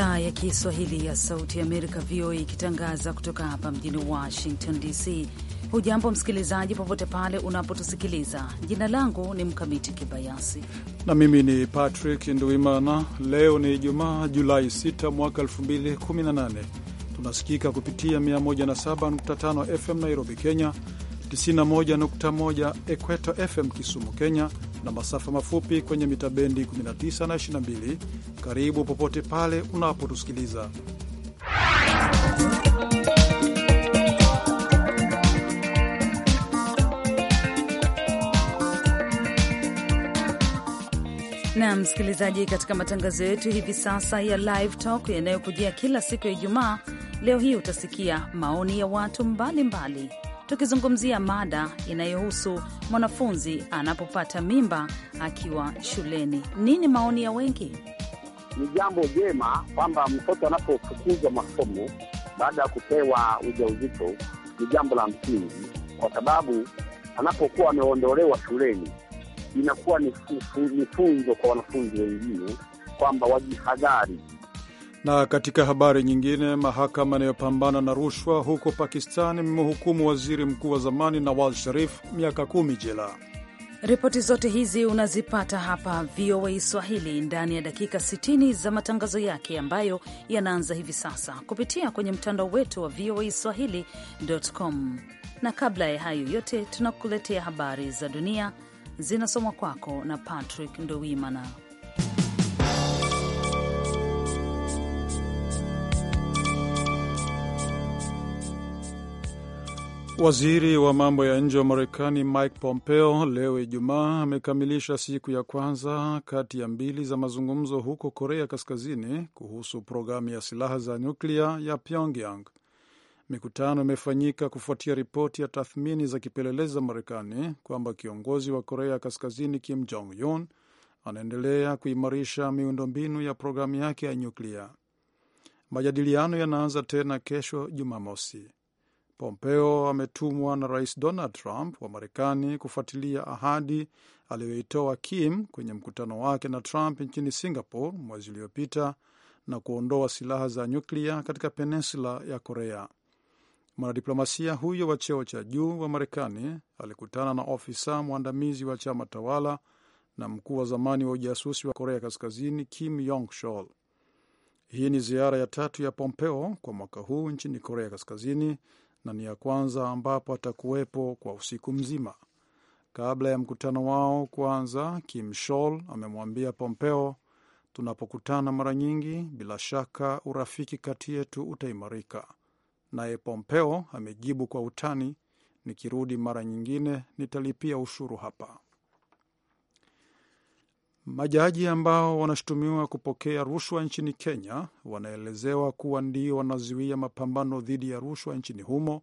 idhaa ya Kiswahili ya Sauti ya Amerika, VOA, ikitangaza kutoka hapa mjini Washington DC. Hujambo msikilizaji, popote pale unapotusikiliza. Jina langu ni Mkamiti Kibayasi na mimi ni Patrick Nduimana. Leo ni Ijumaa, Julai 6 mwaka 2018. Tunasikika kupitia 107.5 FM Nairobi, Kenya, 91.1 Equator FM Kisumu, Kenya, na masafa mafupi kwenye mita bendi 19 na 22. Karibu popote pale unapotusikiliza. na msikilizaji, katika matangazo yetu hivi sasa ya Live Talk yanayokujia kila siku ya Ijumaa, leo hii utasikia maoni ya watu mbalimbali mbali tukizungumzia mada inayohusu mwanafunzi anapopata mimba akiwa shuleni. Nini maoni ya wengi? Ni jambo jema kwamba mtoto anapofukuzwa masomo baada ya kupewa ujauzito ni jambo la msingi, kwa sababu anapokuwa ameondolewa shuleni inakuwa ni funzo kwa wanafunzi wengine kwamba wajihadhari na katika habari nyingine, mahakama inayopambana na rushwa huko Pakistan imemhukumu waziri mkuu wa zamani Nawaz Sharif miaka kumi jela. Ripoti zote hizi unazipata hapa VOA Swahili ndani ya dakika 60 za matangazo yake ambayo yanaanza hivi sasa kupitia kwenye mtandao wetu wa VOA Swahili.com. Na kabla ya hayo yote, tunakuletea habari za dunia zinasomwa kwako na Patrick Ndowimana. Waziri wa mambo ya nje wa Marekani Mike Pompeo leo Ijumaa amekamilisha siku ya kwanza kati ya mbili za mazungumzo huko Korea Kaskazini kuhusu programu ya silaha za nyuklia ya Pyongyang. Mikutano imefanyika kufuatia ripoti ya tathmini za kipelelezi za Marekani kwamba kiongozi wa Korea Kaskazini Kim Jong Un anaendelea kuimarisha miundombinu ya programu yake ya nyuklia. Majadiliano yanaanza tena kesho Jumamosi. Pompeo ametumwa na Rais Donald Trump wa Marekani kufuatilia ahadi aliyoitoa Kim kwenye mkutano wake na Trump nchini Singapore mwezi uliopita na kuondoa silaha za nyuklia katika peninsula ya Korea. Mwanadiplomasia huyo wa cheo cha juu wa Marekani alikutana na ofisa mwandamizi wa chama tawala na mkuu wa zamani wa ujasusi wa Korea Kaskazini Kim Yong Shol. Hii ni ziara ya tatu ya Pompeo kwa mwaka huu nchini Korea Kaskazini na ni ya kwanza ambapo atakuwepo kwa usiku mzima. Kabla ya mkutano wao kuanza, Kim Schol amemwambia Pompeo, tunapokutana mara nyingi, bila shaka urafiki kati yetu utaimarika. Naye Pompeo amejibu kwa utani, nikirudi mara nyingine nitalipia ushuru hapa. Majaji ambao wanashutumiwa kupokea rushwa nchini Kenya wanaelezewa kuwa ndio wanazuia mapambano dhidi ya rushwa nchini humo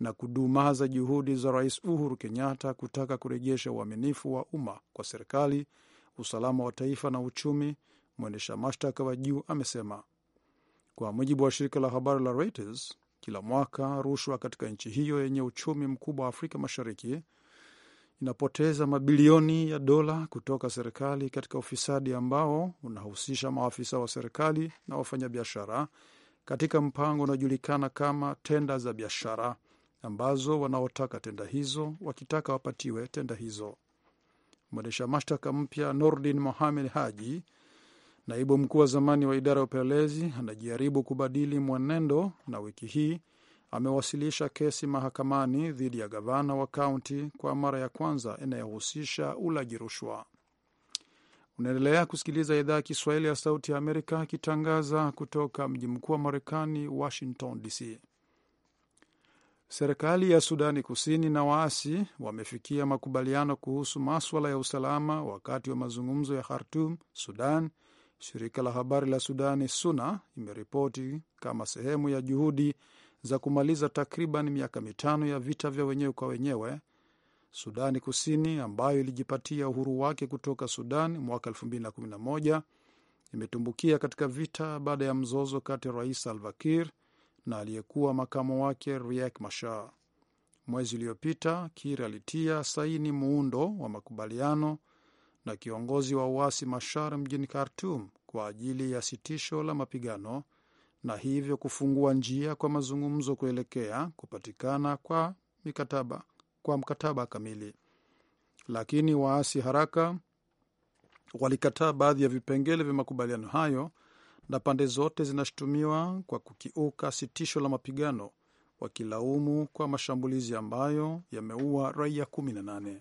na kudumaza juhudi za Rais Uhuru Kenyatta kutaka kurejesha uaminifu wa umma kwa serikali, usalama wa taifa na uchumi, mwendesha mashtaka wa juu amesema. Kwa mujibu wa shirika la habari la Reuters, kila mwaka rushwa katika nchi hiyo yenye uchumi mkubwa wa Afrika Mashariki inapoteza mabilioni ya dola kutoka serikali katika ufisadi ambao unahusisha maafisa wa serikali na wafanyabiashara katika mpango unaojulikana kama tenda za biashara, ambazo wanaotaka tenda hizo wakitaka wapatiwe tenda hizo. Mwendesha mashtaka mpya Nordin Mohamed Haji, naibu mkuu wa zamani wa idara ya upelelezi, anajaribu kubadili mwenendo, na wiki hii amewasilisha kesi mahakamani dhidi ya gavana wa kaunti kwa mara ya kwanza inayohusisha ulaji rushwa. Unaendelea kusikiliza idhaa ya Kiswahili ya Sauti ya Amerika ikitangaza kutoka mji mkuu wa Marekani, Washington DC. Serikali ya Sudani Kusini na waasi wamefikia makubaliano kuhusu maswala ya usalama wakati wa mazungumzo ya Khartum, Sudan. Shirika la habari la Sudani SUNA imeripoti kama sehemu ya juhudi za kumaliza takriban miaka mitano ya vita vya wenyewe kwa wenyewe. Sudani Kusini ambayo ilijipatia uhuru wake kutoka Sudan mwaka 2011 imetumbukia katika vita baada ya mzozo kati ya Rais Salva Kiir na aliyekuwa makamo wake Riek Machar. Mwezi uliopita Kiir alitia saini muundo wa makubaliano na kiongozi wa uasi Machar mjini khartum kwa ajili ya sitisho la mapigano na hivyo kufungua njia kwa mazungumzo kuelekea kupatikana kwa mikataba, kwa mkataba kamili. Lakini waasi haraka walikataa baadhi ya vipengele vya makubaliano hayo na pande zote zinashutumiwa kwa kukiuka sitisho la mapigano wakilaumu kwa mashambulizi ambayo yameua raia nane.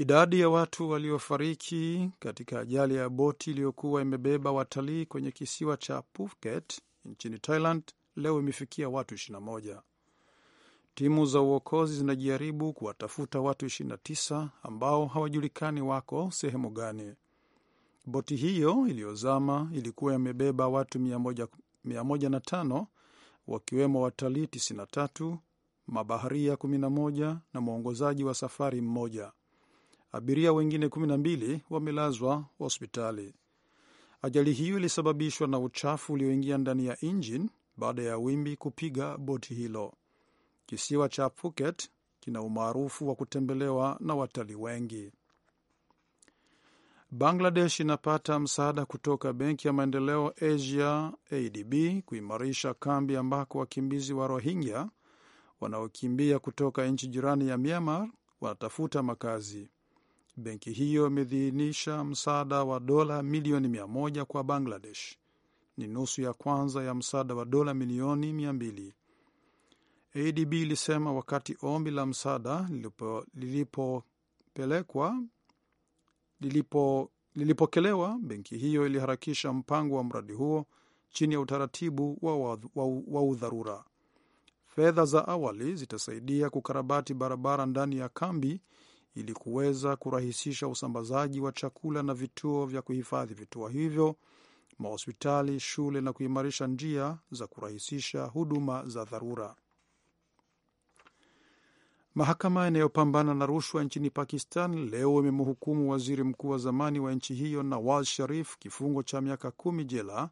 Idadi ya watu waliofariki katika ajali ya boti iliyokuwa imebeba watalii kwenye kisiwa cha Phuket nchini Thailand leo imefikia watu 21. Timu za uokozi zinajaribu kuwatafuta watu 29 ambao hawajulikani wako sehemu gani. Boti hiyo iliyozama ilikuwa imebeba watu 105 wakiwemo watalii 93, mabaharia 11 na mwongozaji wa safari mmoja abiria wengine 12 wamelazwa hospitali. Ajali hiyo ilisababishwa na uchafu ulioingia ndani ya injini baada ya wimbi kupiga boti hilo. Kisiwa cha Phuket kina umaarufu wa kutembelewa na watalii wengi. Bangladesh inapata msaada kutoka Benki ya Maendeleo Asia ADB kuimarisha kambi ambako wakimbizi wa Rohingya wanaokimbia kutoka nchi jirani ya Myanmar wanatafuta makazi benki hiyo imedhiinisha msaada wa dola milioni mia moja kwa Bangladesh. Ni nusu ya kwanza ya msaada wa dola milioni mia mbili. ADB ilisema wakati ombi la msaada lilipopelekwa lilipo lilipokelewa, benki hiyo iliharakisha mpango wa mradi huo chini ya utaratibu wa, wa, wa, wa udharura. Fedha za awali zitasaidia kukarabati barabara ndani ya kambi ili kuweza kurahisisha usambazaji wa chakula na vituo vya kuhifadhi vituo hivyo, mahospitali, shule na kuimarisha njia za kurahisisha huduma za dharura. Mahakama inayopambana na rushwa nchini Pakistan leo imemhukumu waziri mkuu wa zamani wa nchi hiyo Nawaz Sharif kifungo cha miaka kumi jela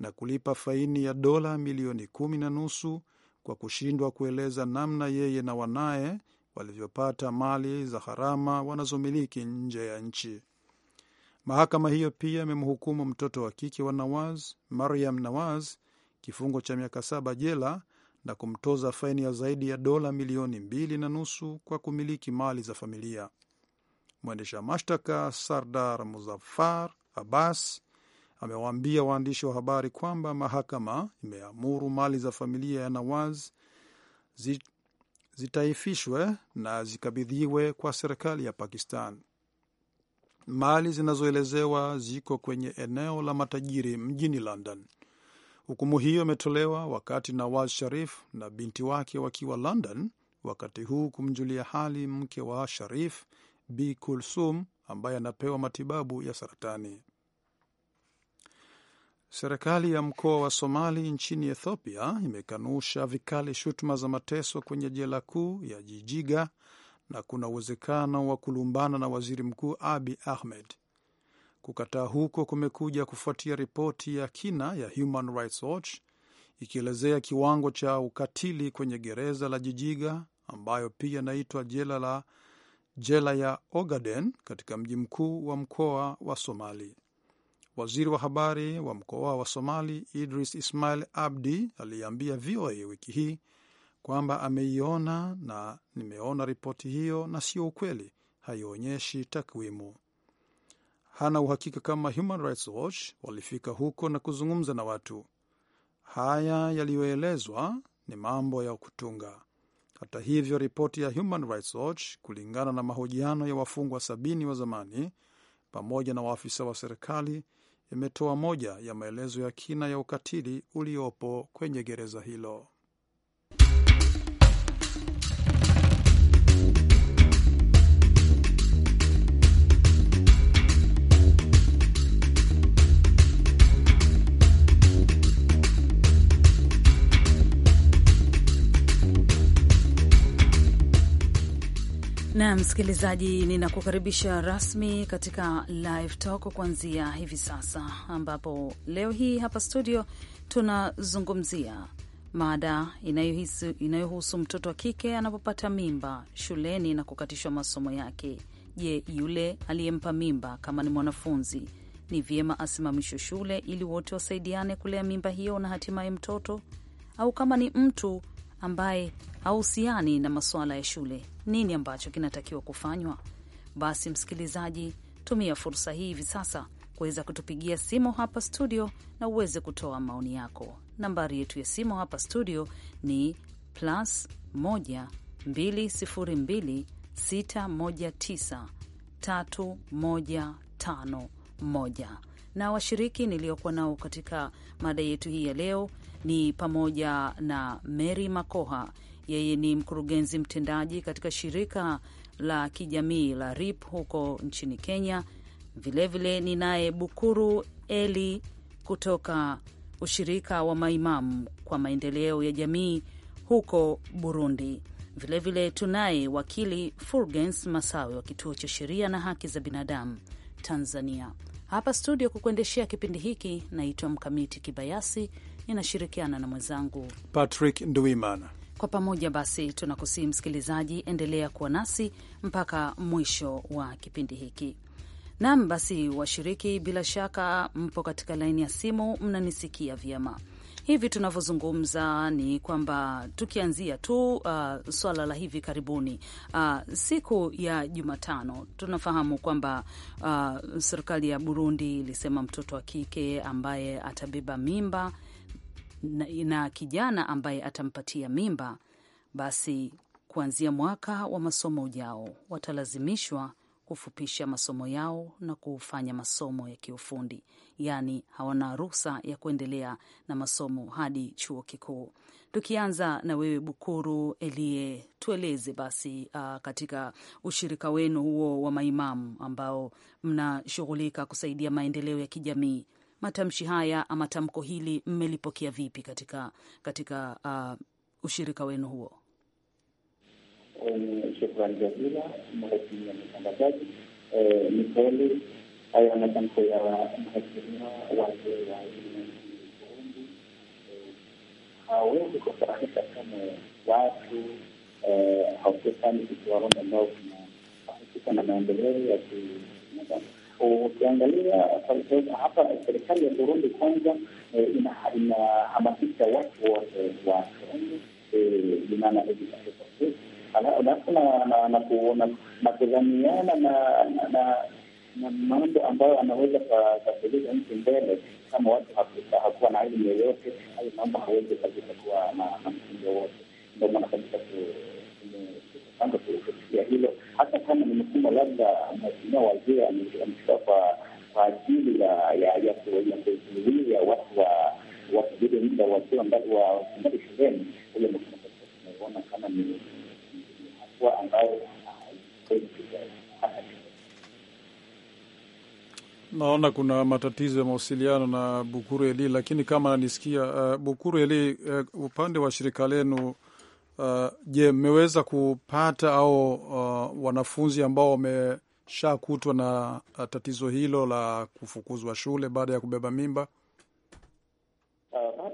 na kulipa faini ya dola milioni kumi na nusu kwa kushindwa kueleza namna yeye na wanaye walivyopata mali za gharama wanazomiliki nje ya nchi. Mahakama hiyo pia imemhukumu mtoto wa kike wa Nawaz, Mariam Nawaz, kifungo cha miaka saba jela na kumtoza faini ya zaidi ya dola milioni mbili na nusu kwa kumiliki mali za familia. Mwendesha mashtaka Sardar Muzaffar Abbas amewaambia waandishi wa habari kwamba mahakama imeamuru mali za familia ya Nawaz zitaifishwe na zikabidhiwe kwa serikali ya Pakistan. Mali zinazoelezewa ziko kwenye eneo la matajiri mjini London. Hukumu hiyo imetolewa wakati Nawaz Sharif na binti wake wakiwa London, wakati huu kumjulia hali mke wa Sharif, Bi Kulsum, ambaye anapewa matibabu ya saratani. Serikali ya mkoa wa Somali nchini Ethiopia imekanusha vikali shutuma za mateso kwenye jela kuu ya Jijiga na kuna uwezekano wa kulumbana na waziri mkuu abi Ahmed. Kukataa huko kumekuja kufuatia ripoti ya kina ya Human Rights Watch ikielezea kiwango cha ukatili kwenye gereza la Jijiga ambayo pia inaitwa jela la jela ya Ogaden katika mji mkuu wa mkoa wa Somali. Waziri wa habari wa mkoa wa Somali Idris Ismail Abdi aliambia VOA wiki hii kwamba ameiona na nimeona ripoti hiyo na sio ukweli, haionyeshi takwimu. Hana uhakika kama Human Rights Watch walifika huko na kuzungumza na watu. Haya yaliyoelezwa ni mambo ya kutunga. Hata hivyo, ripoti ya Human Rights Watch, kulingana na mahojiano ya wafungwa sabini wa zamani pamoja na waafisa wa serikali imetoa moja ya maelezo ya kina ya ukatili uliopo kwenye gereza hilo. na msikilizaji, ninakukaribisha rasmi katika Live Talk kuanzia hivi sasa, ambapo leo hii hapa studio tunazungumzia mada inayohusu mtoto wa kike anapopata mimba shuleni na kukatishwa masomo yake. Je, yule aliyempa mimba kama ni mwanafunzi, ni vyema asimamishwe shule ili wote wasaidiane kulea mimba hiyo na hatimaye mtoto, au kama ni mtu ambaye hahusiani na masuala ya shule nini ambacho kinatakiwa kufanywa? Basi msikilizaji, tumia fursa hii hivi sasa kuweza kutupigia simu hapa studio na uweze kutoa maoni yako. Nambari yetu ya simu hapa studio ni plus 1 na washiriki niliyokuwa nao katika mada yetu hii ya leo ni pamoja na Mary Makoha yeye ni mkurugenzi mtendaji katika shirika la kijamii la RIP huko nchini Kenya. Vilevile ni naye Bukuru Eli kutoka ushirika wa maimamu kwa maendeleo ya jamii huko Burundi. Vilevile tunaye wakili Fulgens Masawe wa kituo cha sheria na haki za binadamu Tanzania. Hapa studio kukuendeshea kipindi hiki naitwa Mkamiti Kibayasi, ninashirikiana na mwenzangu Patrick Nduimana. Kwa pamoja basi tunakusihi msikilizaji, endelea kuwa nasi mpaka mwisho wa kipindi hiki. nam basi washiriki, bila shaka mpo katika laini ya simu, mnanisikia vyema. Hivi tunavyozungumza ni kwamba tukianzia tu uh, swala la hivi karibuni uh, siku ya Jumatano tunafahamu kwamba uh, serikali ya Burundi ilisema mtoto wa kike ambaye atabeba mimba na, na kijana ambaye atampatia mimba, basi kuanzia mwaka wa masomo ujao watalazimishwa kufupisha masomo yao na kufanya masomo ya kiufundi, yaani hawana ruhusa ya kuendelea na masomo hadi chuo kikuu. Tukianza na wewe Bukuru Elie, tueleze basi uh, katika ushirika wenu huo wa maimamu ambao mnashughulika kusaidia maendeleo ya kijamii, matamshi haya ama tamko hili mmelipokea vipi katika, katika uh, ushirika wenu huo? Um, shukrani jazila mheshimiwa mtangazaji. Eh, ni kweli haya matamko ya mheshimiwa wazee wa Burundi eh, hawezi kufurahisha kama watu, eh, hausukani kikiwarondo ambao kunahusika na maendeleo ya Ukiangalia hapa serikali ya Burundi kwanza inahamasisha watu wote wa Burundi binana alafu na kudhamiana na mambo ambayo anaweza kasogeza nchi mbele. Kama watu hakuwa na elimu yoyote, hayo mambo hawezi kabisa kuwa na msingi wowote, ndio maana kabisa ya hilo, hata kama nimesema labda mheshimiwa wazee amechukua kwa ajili ya kuzuia watu wasijue muda wakiwa mbali shuleni, ule tunaiona kama ni hatua ambayo naona kuna matatizo ya mawasiliano na Bukuru Eli, lakini kama nanisikia uh, eh, Bukuru Eli, uh, upande wa shirika lenu Uh, je, uh, mmeweza kupata au uh, wanafunzi ambao wameshakutwa na uh, tatizo hilo la kufukuzwa shule baada ya kubeba mimba? Uh,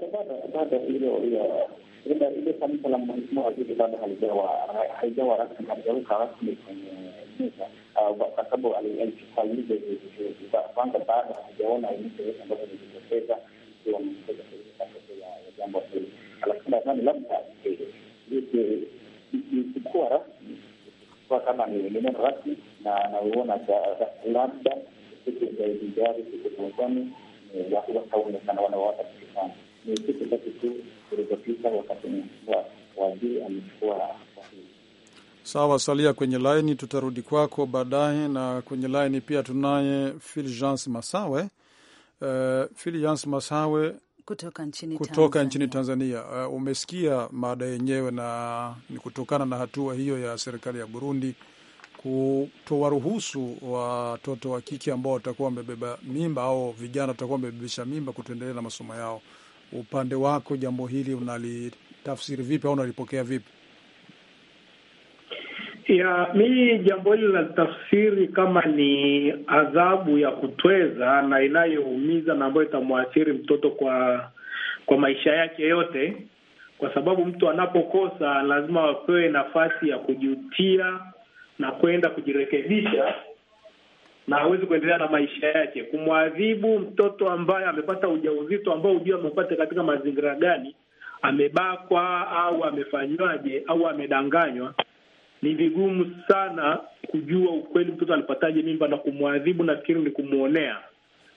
bado ile tamko la mheshimiwa waziri bado haijawa rasmi, rasmi kwenye meza, kwa sababu kwanza, bado hajaona ya jambo hili, lakini nadhani labda eh, rasmi kwa kama ni neno rasmi, na nauona labda siku za siku za usoni wataonekana Ni siku tatu tu zilizopita, wakati waziri amechukua Sawa, salia kwenye laini, tutarudi kwako baadaye. Na kwenye laini pia tunaye Fulgence Masawe. Uh, eh, Fulgence Masawe, kutoka nchini kutoka nchini Tanzania. Uh, umesikia mada yenyewe, na ni kutokana na hatua hiyo ya serikali ya Burundi kutowaruhusu watoto wa kike ambao watakuwa wamebeba mimba au vijana watakuwa wamebebesha mimba kutoendelea na masomo yao. Upande wako jambo hili unalitafsiri vipi au unalipokea vipi? ya mimi jambo hili la tafsiri kama ni adhabu ya kutweza na inayoumiza na ambayo itamwathiri mtoto kwa kwa maisha yake yote, kwa sababu mtu anapokosa lazima wapewe nafasi ya kujutia na kwenda kujirekebisha na hawezi kuendelea na maisha yake. Kumwadhibu mtoto ambaye amepata ujauzito ambao hujua amepata katika mazingira gani, amebakwa au amefanywaje au amedanganywa ni vigumu sana kujua ukweli mtoto alipataje mimba, na kumwadhibu nafikiri ni kumwonea,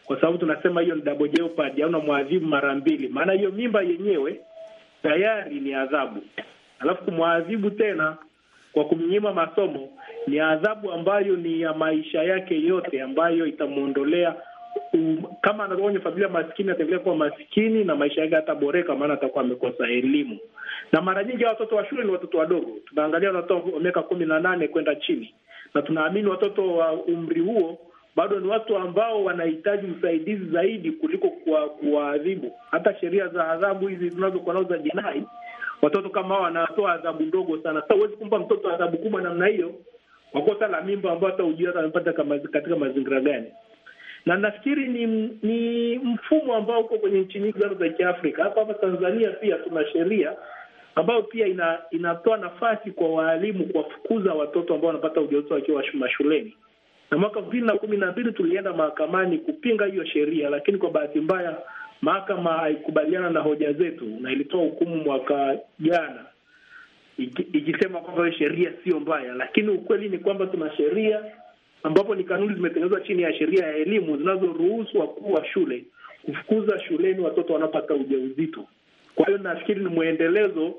kwa sababu tunasema hiyo ni double jeopardy au namwadhibu mara mbili, maana hiyo mimba yenyewe tayari ni adhabu, alafu kumwadhibu tena kwa kumnyima masomo ni adhabu ambayo ni ya maisha yake yote, ambayo itamwondolea um, kama anatoka kwenye familia maskini ataendelea kuwa maskini na maisha yake ataboreka, maana atakuwa amekosa elimu. Na mara nyingi watoto wa shule ni watoto wadogo, tunaangalia watoto wa miaka kumi na nane kwenda chini, na tunaamini watoto wa umri huo bado ni watu ambao wanahitaji usaidizi zaidi kuliko kuwaadhibu. Hata sheria za adhabu hizi tunazokuwa nazo za jinai, watoto kama hao wanatoa adhabu ndogo sana. Sasa huwezi kumpa mtoto adhabu kubwa namna hiyo kwa kosa la mimba, ambao hata hujui hata amepata katika mazingira gani na nafikiri ni ni mfumo ambao uko kwenye nchi nyingi sana za Kiafrika. Hapa hapa Tanzania pia tuna sheria ambayo pia ina, inatoa nafasi kwa waalimu kuwafukuza watoto ambao wanapata ujauzito wakiwa mashuleni, na mwaka elfu mbili na kumi na mbili tulienda mahakamani kupinga hiyo sheria, lakini kwa bahati mbaya mahakama haikubaliana na hoja zetu na ilitoa hukumu mwaka jana ikisema kwamba hiyo sheria sio mbaya, lakini ukweli ni kwamba tuna sheria ambapo ni kanuni zimetengenezwa chini ya sheria ya elimu zinazoruhusu wakuu wa shule kufukuza shuleni watoto wanaopata ujauzito. Kwa hiyo nafikiri ni mwendelezo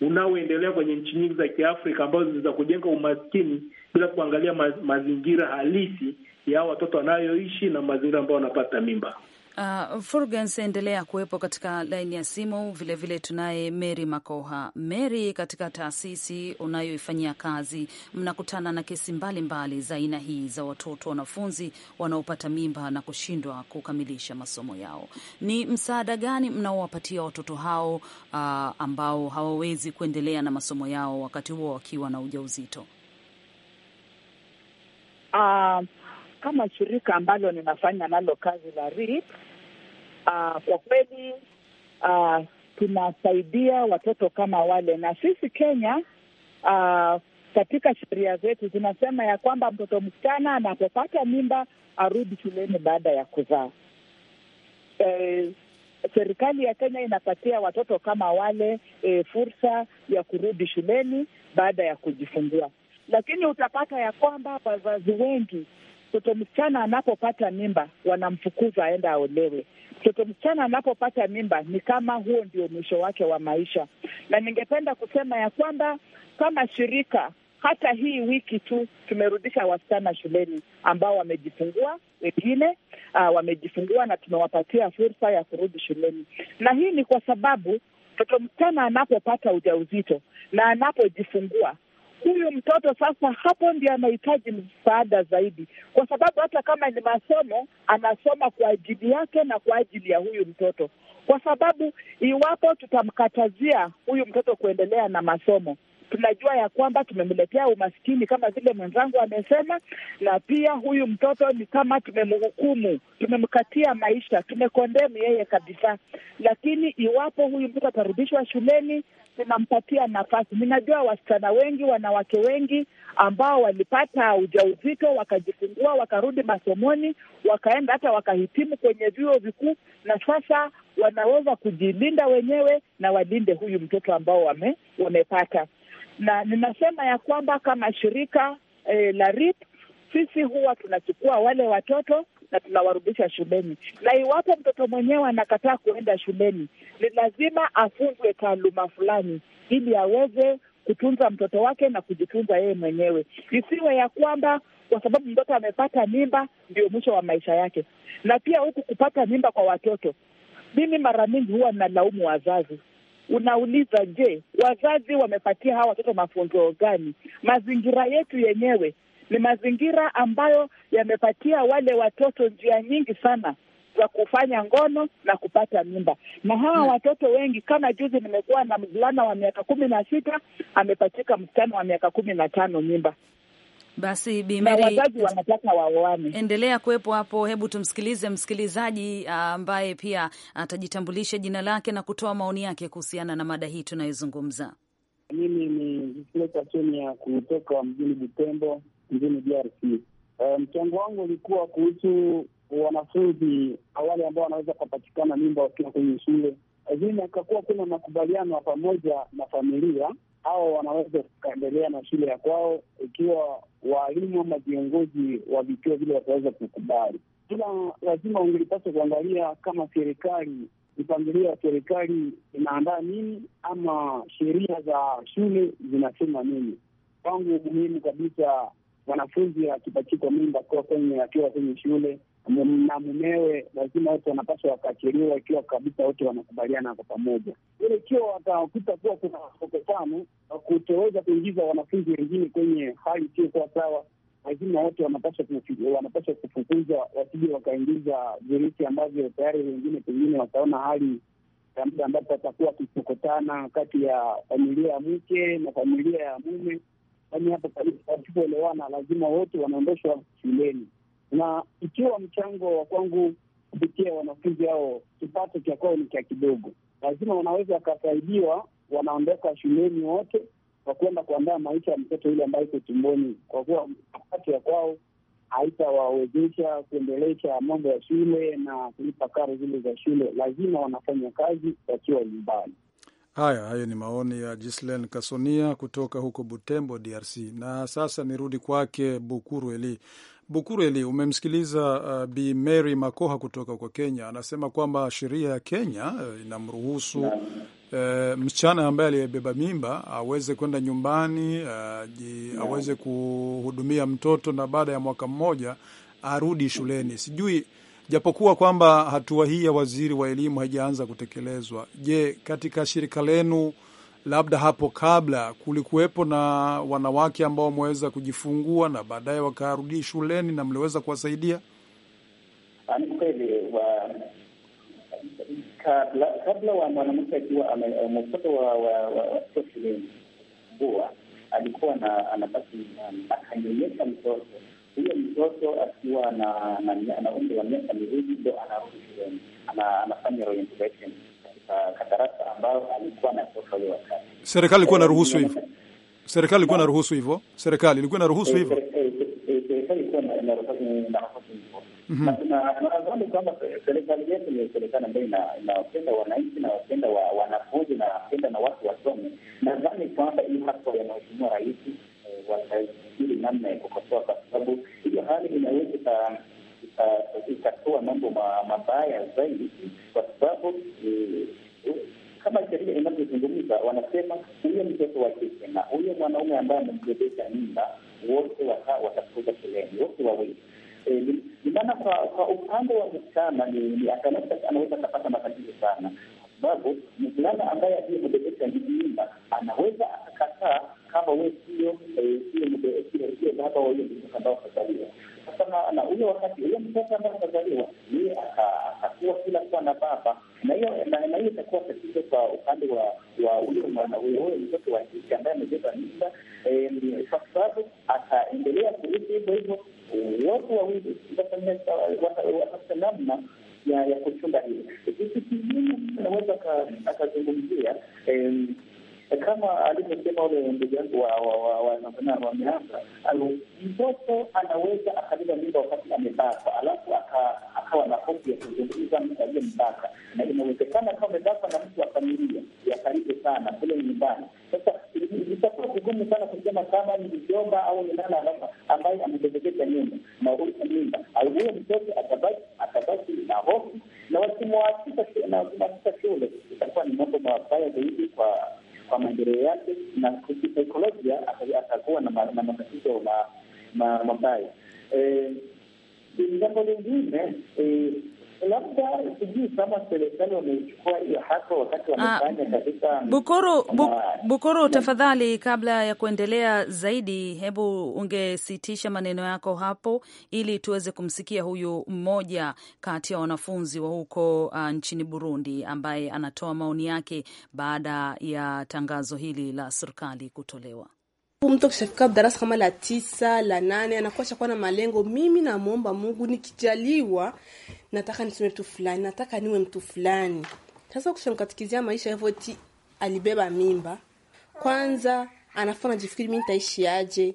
unaoendelea kwenye nchi nyingi za Kiafrika ambazo za kujenga umaskini bila kuangalia ma mazingira halisi ya watoto wanayoishi na mazingira ambayo wanapata mimba. Uh, Fulgens, endelea kuwepo katika laini ya simu. Vilevile tunaye Mary Makoha. Mary, katika taasisi unayoifanyia kazi mnakutana na kesi mbalimbali za aina hii za watoto wanafunzi wanaopata mimba na kushindwa kukamilisha masomo yao. Ni msaada gani mnaowapatia watoto hao uh, ambao hawawezi kuendelea na masomo yao wakati huo wakiwa na ujauzito? Uh, kama shirika ambalo ninafanya nalo kazi la RIP, uh, kwa kweli uh, tunasaidia watoto kama wale, na sisi Kenya uh, katika sheria zetu zinasema ya kwamba mtoto msichana anapopata mimba arudi shuleni baada ya kuzaa. E, serikali ya Kenya inapatia watoto kama wale e, fursa ya kurudi shuleni baada ya kujifungua, lakini utapata ya kwamba wazazi wengi mtoto msichana anapopata mimba wanamfukuza aenda aolewe. Mtoto msichana anapopata mimba ni kama huo ndio mwisho wake wa maisha, na ningependa kusema ya kwamba kama shirika hata hii wiki tu tumerudisha wasichana shuleni ambao wamejifungua, wengine uh, wamejifungua na tumewapatia fursa ya kurudi shuleni, na hii ni kwa sababu mtoto msichana anapopata ujauzito na anapojifungua huyu mtoto sasa, hapo ndio anahitaji msaada zaidi, kwa sababu hata kama ni masomo, anasoma kwa ajili yake na kwa ajili ya huyu mtoto, kwa sababu iwapo tutamkatazia huyu mtoto kuendelea na masomo tunajua ya kwamba tumemletea umaskini kama vile mwenzangu amesema, na pia huyu mtoto ni kama tumemhukumu, tumemkatia maisha, tumekondemu yeye kabisa. Lakini iwapo huyu mtoto atarudishwa shuleni, tunampatia nafasi. Ninajua wasichana wengi, wanawake wengi ambao walipata ujauzito wakajifungua, wakarudi masomoni, wakaenda hata wakahitimu kwenye vyuo vikuu, na sasa wanaweza kujilinda wenyewe na walinde huyu mtoto ambao wame, wamepata na ninasema ya kwamba kama shirika eh, la RIP sisi huwa tunachukua wale watoto na tunawarudisha shuleni, na iwapo mtoto mwenyewe anakataa kuenda shuleni, ni lazima afunzwe taaluma fulani ili aweze kutunza mtoto wake na kujitunza yeye mwenyewe. Isiwe ya kwamba kwa sababu mtoto amepata mimba ndio mwisho wa maisha yake. Na pia huku kupata mimba kwa watoto, mimi mara mingi huwa nalaumu wazazi unauliza, je, wazazi wamepatia hawa watoto mafunzo gani? Mazingira yetu yenyewe ni mazingira ambayo yamepatia wale watoto njia nyingi sana za kufanya ngono na kupata mimba, na hawa hmm. watoto wengi, kama juzi nimekuwa na mvulana wa miaka kumi na sita amepatika msichana wa miaka kumi na tano mimba. Basi Bi Mary, wanataka waoane, endelea kuwepo hapo. Hebu tumsikilize msikilizaji ah, ambaye pia atajitambulisha jina lake na kutoa maoni yake kuhusiana na mada hii tunayozungumza. Mimi ni Jiseta Kenya kutoka mjini Butembo mjini DRC. Eh, mchango um, wangu ulikuwa kuhusu wanafunzi wale ambao wanaweza kupatikana mimba wakiwa kwenye shule, lakini eh, akakuwa kuna makubaliano ya pamoja na familia hao wanaweza kukaendelea na shule ya kwao, ikiwa waalimu ama viongozi wa vituo vile wataweza kukubali. Ila lazima ungelipaswa kuangalia kama serikali, mpangilio wa serikali inaandaa nini, ama sheria za shule zinasema nini. Kwangu muhimu kabisa wanafunzi akipachikwa mimba akiwa kwenye shule na mumewe, lazima wote wanapaswa wakaachiliwa, ikiwa kabisa wote wanakubaliana kwa pamoja. Ile ikiwa watakuta kuwa kuna mkokotano wa kutoweza kuingiza wanafunzi wengine kwenye hali isiyokuwa sawa, lazima wote wanapaswa kufukuzwa, wasije wakaingiza virusi ambavyo tayari wengine pengine wataona hali ya muda ambapo watakuwa wakisokotana kati ya familia ya mke na familia ya mume, yaani hapo kabisa wasipoelewana, lazima wote wanaondoshwa shuleni na ikiwa mchango wa kwangu kupitia wanafunzi hao kipato cha kwao ni cha kidogo, lazima wanaweza wakasaidiwa, wanaondoka shuleni wote kwa kwenda kuandaa maisha ya mtoto yule ambaye iko tumboni, kwa kuwa kipato ya kwao haitawawezesha kuendelesha mambo ya shule na kulipa karo zile za shule. Lazima wanafanya kazi wakiwa nyumbani. Haya, hayo ni maoni ya Gislen Kasonia kutoka huko Butembo, DRC. Na sasa nirudi kwake Bukuru Eli. Bukureli, umemsikiliza uh, Bi Mary Makoha kutoka kwa Kenya. Anasema kwamba sheria ya Kenya uh, inamruhusu uh, msichana ambaye aliyebeba mimba aweze kwenda nyumbani uh, ji, aweze kuhudumia mtoto na baada ya mwaka mmoja arudi shuleni. Sijui japokuwa kwamba hatua hii ya waziri wa elimu haijaanza kutekelezwa. Je, katika shirika lenu labda hapo kabla kulikuwepo na wanawake ambao wameweza kujifungua na baadaye wakarudi shuleni na mliweza kuwasaidia? Ah, ni kweli wa kabla kabla wa mwanamke akiwa mtoto wa shuleni bua alikuwa na anapati akanyonyesha mtoto huyo mtoto akiwa na umri wa miaka miwili ndo anarudi shuleni, anafanya katika ambayo alikuwa anatoka ile wakati. Serikali ilikuwa inaruhusu hivyo, serikali ilikuwa inaruhusu hivyo, serikali ilikuwa inaruhusu hivyo, eh, eh, eh, serikali ilikuwa inaruhusu hivyo. Mhm. Nadhani kwamba serikali yetu ni serikali ambayo inawapenda wananchi na wanafunzi na watu wasome. Nadhani kwamba hiyo hatua ya mheshimiwa rais namna ya kukosoa, kwa sababu hiyo hali inaweza ikatoa mambo mabaya zaidi, kwa sababu kama sheria inavyozungumza, wanasema huyo mtoto wa kike na huyo mwanaume ambaye amembebesha mimba wote watakuza shuleni, wote wawili. Eh, maana kwa upande wa msichana anaweza akapata matatizo sana, kwa sababu mvulana ambaye aliyembebesha mimba anaweza akakataa kama we eh, sio baba wa huyo mtoto ambao kazaliwa kutokana na ule wakati ule mtoto ambaye akazaliwa yeye akakuwa kila kuwa na baba, na hiyo na hiyo itakuwa tatizo kwa upande wa wa ule mwana huyo mtoto wa kike ambaye amebeba mimba, kwa sababu ataendelea kuishi hivyo hivyo. Wote wawili watafuta namna ya kuchunga hili. Kitu kingine naweza akazungumzia Eh, kama alivyosema ule ndugu yangu wa wa mtoto anaweza akabeba mimba wakati amebaka, alafu akawa na hofu ya kuzungumza mtu aliyembaka, na inawezekana kama amebakwa na mtu wa familia ya karibu sana kule nyumbani. Sasa itakuwa vigumu sana kusema kama ni mjomba au ni nana ambaye amebebekeza nyumba na mimba, huyo mtoto atabaki na hofu, na wakimwacika shule itakuwa ni mambo mabaya zaidi kwa kwa maendeleo yake, na kisaikolojia atakuwa na matatizo mabaya. Eh, jambo lingine eh, labda sijui kama serikali wameichukua hiyo wakati ah, wamefanya katika Bukuru. tafadhali, kabla ya kuendelea zaidi, hebu ungesitisha maneno yako hapo ili tuweze kumsikia huyu mmoja kati ya wanafunzi wa huko uh, nchini Burundi ambaye anatoa maoni yake baada ya tangazo hili la serikali kutolewa. Mtu akishafika darasa kama la tisa la nane anakuwa chakuwa na malengo. Mimi namwomba Mungu nikijaliwa nataka nisome mtu fulani, nataka niwe mtu fulani. Sasa kushamkatikizia maisha hivyo, ti alibeba mimba kwanza, anafaa najifikiri mi nitaishi aje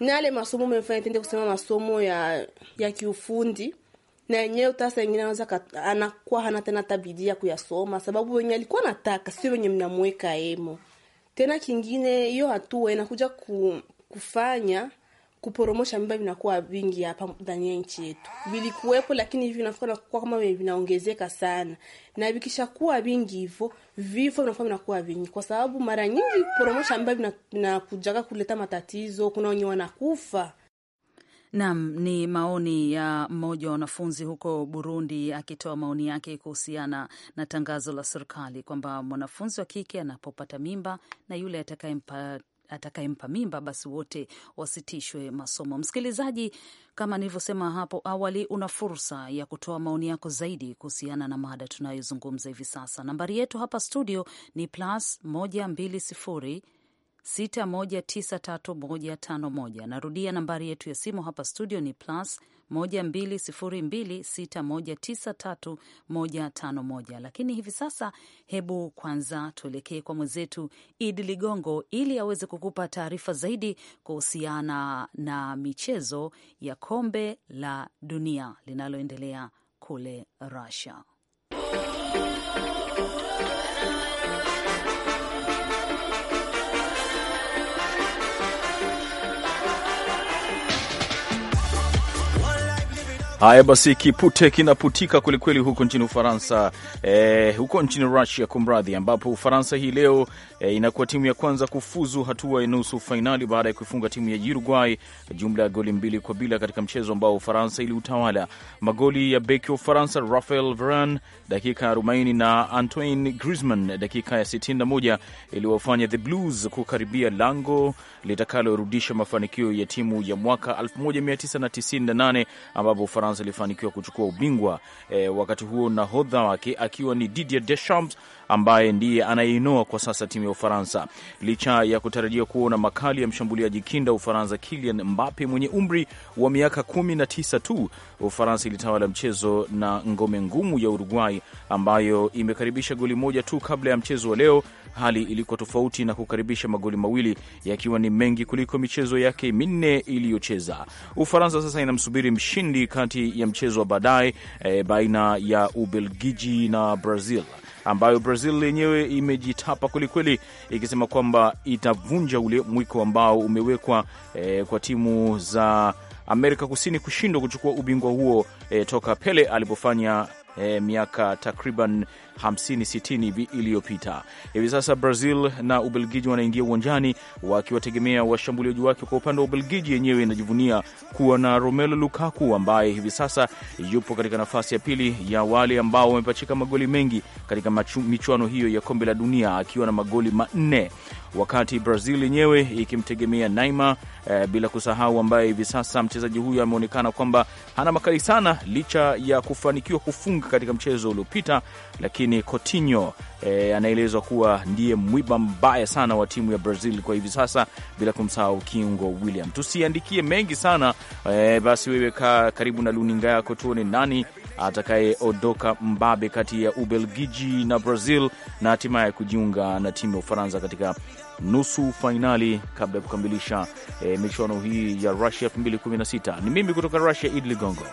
na yale masomo mefanya tende kusema masomo ya, ya kiufundi na yenyewe utasa ingine anaweza anakuwa hana tena tabidi ya kuyasoma, sababu wenye alikuwa nataka sio wenye mnamweka emo tena. Kingine hiyo hatua inakuja ku, kufanya kuporomosha mimba vinakuwa vingi hapa ndani ya nchi yetu. Vilikuwepo, lakini hivi vinakuwa nakuwa kama vinaongezeka sana, na vikishakuwa vingi hivyo vifo vinakuwa vinakuwa vingi, kwa sababu mara nyingi kuporomosha mimba vinakujaga kuleta matatizo. Kuna wenye wanakufa. nam ni maoni ya mmoja wa wanafunzi huko Burundi akitoa maoni yake kuhusiana na tangazo la serikali kwamba mwanafunzi wa kike anapopata mimba na yule atakayempa atakayempa mimba basi wote wasitishwe masomo. Msikilizaji, kama nilivyosema hapo awali, una fursa ya kutoa maoni yako zaidi kuhusiana na mada tunayozungumza hivi sasa. Nambari yetu hapa studio ni plus 120 Narudia, nambari yetu ya simu hapa studio ni plus 12026193151. Lakini hivi sasa, hebu kwanza tuelekee kwa mwenzetu Idi Ligongo ili aweze kukupa taarifa zaidi kuhusiana na michezo ya kombe la dunia linaloendelea kule Russia. Haya basi, kipute kinaputika kwelikweli huko nchini Ufaransa eh, huko nchini Rusia kumradhi, ambapo Ufaransa hii leo e, inakuwa timu ya kwanza kufuzu hatua ya nusu fainali baada ya kuifunga timu ya Uruguay jumla ya goli mbili kwa bila katika mchezo ambao Ufaransa iliutawala. Magoli ya beki wa Ufaransa Rafael Varane dakika 40 na Antoine Griezmann dakika ya 61 iliwafanya the Blues kukaribia lango litakalorudisha mafanikio ya timu ya mwaka 1998 ambapo Ufaransa ilifanikiwa kuchukua ubingwa e, wakati huo nahodha wake akiwa ni Didier Deschamps ambaye ndiye anayeinua kwa sasa timu ya Ufaransa, licha ya kutarajia kuona makali ya mshambuliaji kinda Ufaransa Kylian Mbappe mwenye umri wa miaka 19 tu. Ufaransa ilitawala mchezo na ngome ngumu ya Uruguay ambayo imekaribisha goli moja tu kabla ya mchezo wa leo. Hali ilikuwa tofauti na kukaribisha magoli mawili yakiwa ni mengi kuliko michezo yake minne iliyocheza. Ufaransa sasa inamsubiri mshindi kati ya mchezo wa baadaye e, baina ya Ubelgiji na Brazil ambayo Brazil yenyewe imejitapa kwelikweli, ikisema kwamba itavunja ule mwiko ambao umewekwa eh, kwa timu za Amerika Kusini kushindwa kuchukua ubingwa huo eh, toka Pele alipofanya eh, miaka takriban 50-60 iliyopita. Hivi sasa Brazil na Ubelgiji wanaingia uwanjani wakiwategemea washambuliaji wake. Kwa upande wa Ubelgiji yenyewe inajivunia kuwa na Romelu Lukaku ambaye hivi sasa yupo katika nafasi ya pili ya wale ambao wamepachika magoli mengi katika machu, michuano hiyo ya kombe la dunia akiwa na magoli manne, wakati Brazil yenyewe ikimtegemea Neymar e, bila kusahau ambaye hivi sasa mchezaji huyo ameonekana kwamba hana makali sana licha ya kufanikiwa kufunga katika mchezo uliopita lakini pili Coutinho e, anaelezwa kuwa ndiye mwiba mbaya sana wa timu ya Brazil kwa hivi sasa, bila kumsahau kiungo William. Tusiandikie mengi sana e, basi wewe kaa karibu na luninga yako, tuone nani atakayeondoka mbabe kati ya Ubelgiji na Brazil na hatimaye kujiunga na timu ya Ufaransa katika nusu fainali kabla ya kukamilisha e, michuano hii ya Russia 2016. Ni mimi kutoka Russia, Idi Ligongo.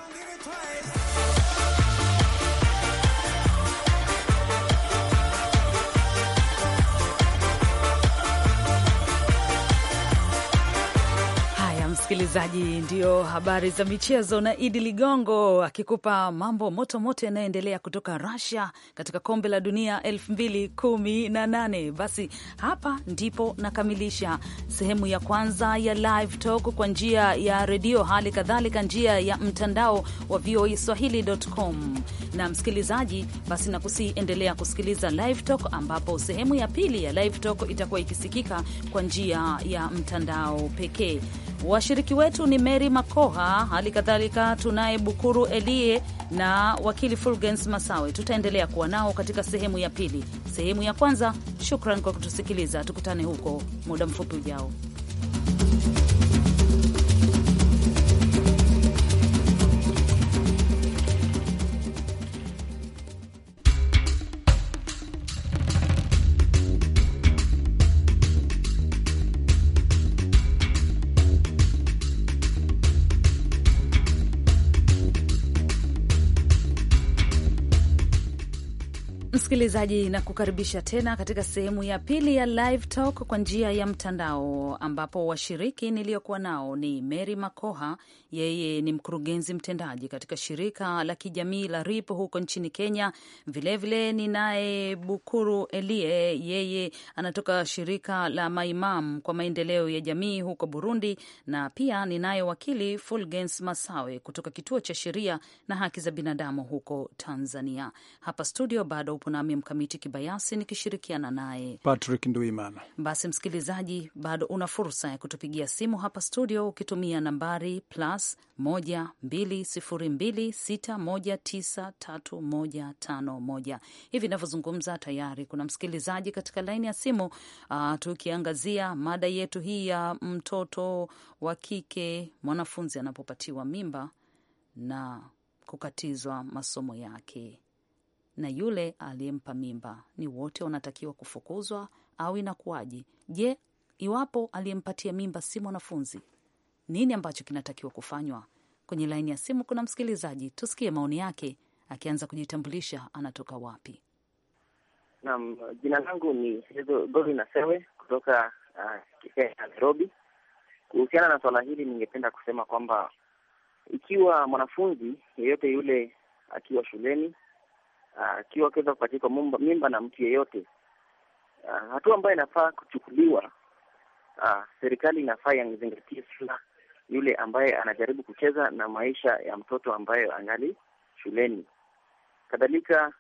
msikilizaji, ndiyo habari za michezo na Idi Ligongo akikupa mambo motomoto yanayoendelea kutoka Russia katika kombe la dunia 2018. Basi hapa ndipo nakamilisha sehemu ya kwanza ya live talk kwa njia ya redio, hali kadhalika njia ya mtandao wa VOA Swahili.com. Na msikilizaji, basi nakusihi endelea kusikiliza live talk, ambapo sehemu ya pili ya live talk itakuwa ikisikika kwa njia ya mtandao pekee. Washiriki wetu ni Mary Makoha, hali kadhalika tunaye Bukuru Elie na wakili Fulgens Masawe. Tutaendelea kuwa nao katika sehemu ya pili. Sehemu ya kwanza, shukran kwa kutusikiliza. Tukutane huko muda mfupi ujao. msikilizaji, na kukaribisha tena katika sehemu ya pili ya Live Talk kwa njia ya mtandao, ambapo washiriki niliyokuwa nao ni Mary Makoha, yeye ni mkurugenzi mtendaji katika shirika la kijamii la RIP huko nchini Kenya. Vilevile ninaye Bukuru Elie, yeye anatoka shirika la Maimam kwa maendeleo ya jamii huko Burundi, na pia ninaye wakili Fulgens Masawe kutoka kituo cha sheria na haki za binadamu huko Tanzania. Hapa studio bado upo na nami Mkamiti Kibayasi nikishirikiana naye Patrick Nduimana. Basi msikilizaji, bado una fursa ya kutupigia simu hapa studio ukitumia nambari plus 12026193151. Hivi inavyozungumza tayari kuna msikilizaji katika laini ya simu uh, tukiangazia mada yetu hii ya mtoto wa kike mwanafunzi anapopatiwa mimba na kukatizwa masomo yake na yule aliyempa mimba, ni wote wanatakiwa kufukuzwa au inakuwaje? Je, iwapo aliyempatia mimba si mwanafunzi, nini ambacho kinatakiwa kufanywa? Kwenye laini ya simu kuna msikilizaji, tusikie maoni yake akianza kujitambulisha, anatoka wapi. Naam, jina langu ni na Nasewe kutoka uh, Nairobi. Kuhusiana na swala hili, ningependa kusema kwamba ikiwa mwanafunzi yeyote yule akiwa shuleni akiwa akiweza kupatikwa mimba na mtu yeyote. Ah, hatua ambayo inafaa kuchukuliwa, ah, serikali inafaa yangezingatie sana yule ambaye anajaribu kucheza na maisha ya mtoto ambayo angali shuleni. Kadhalika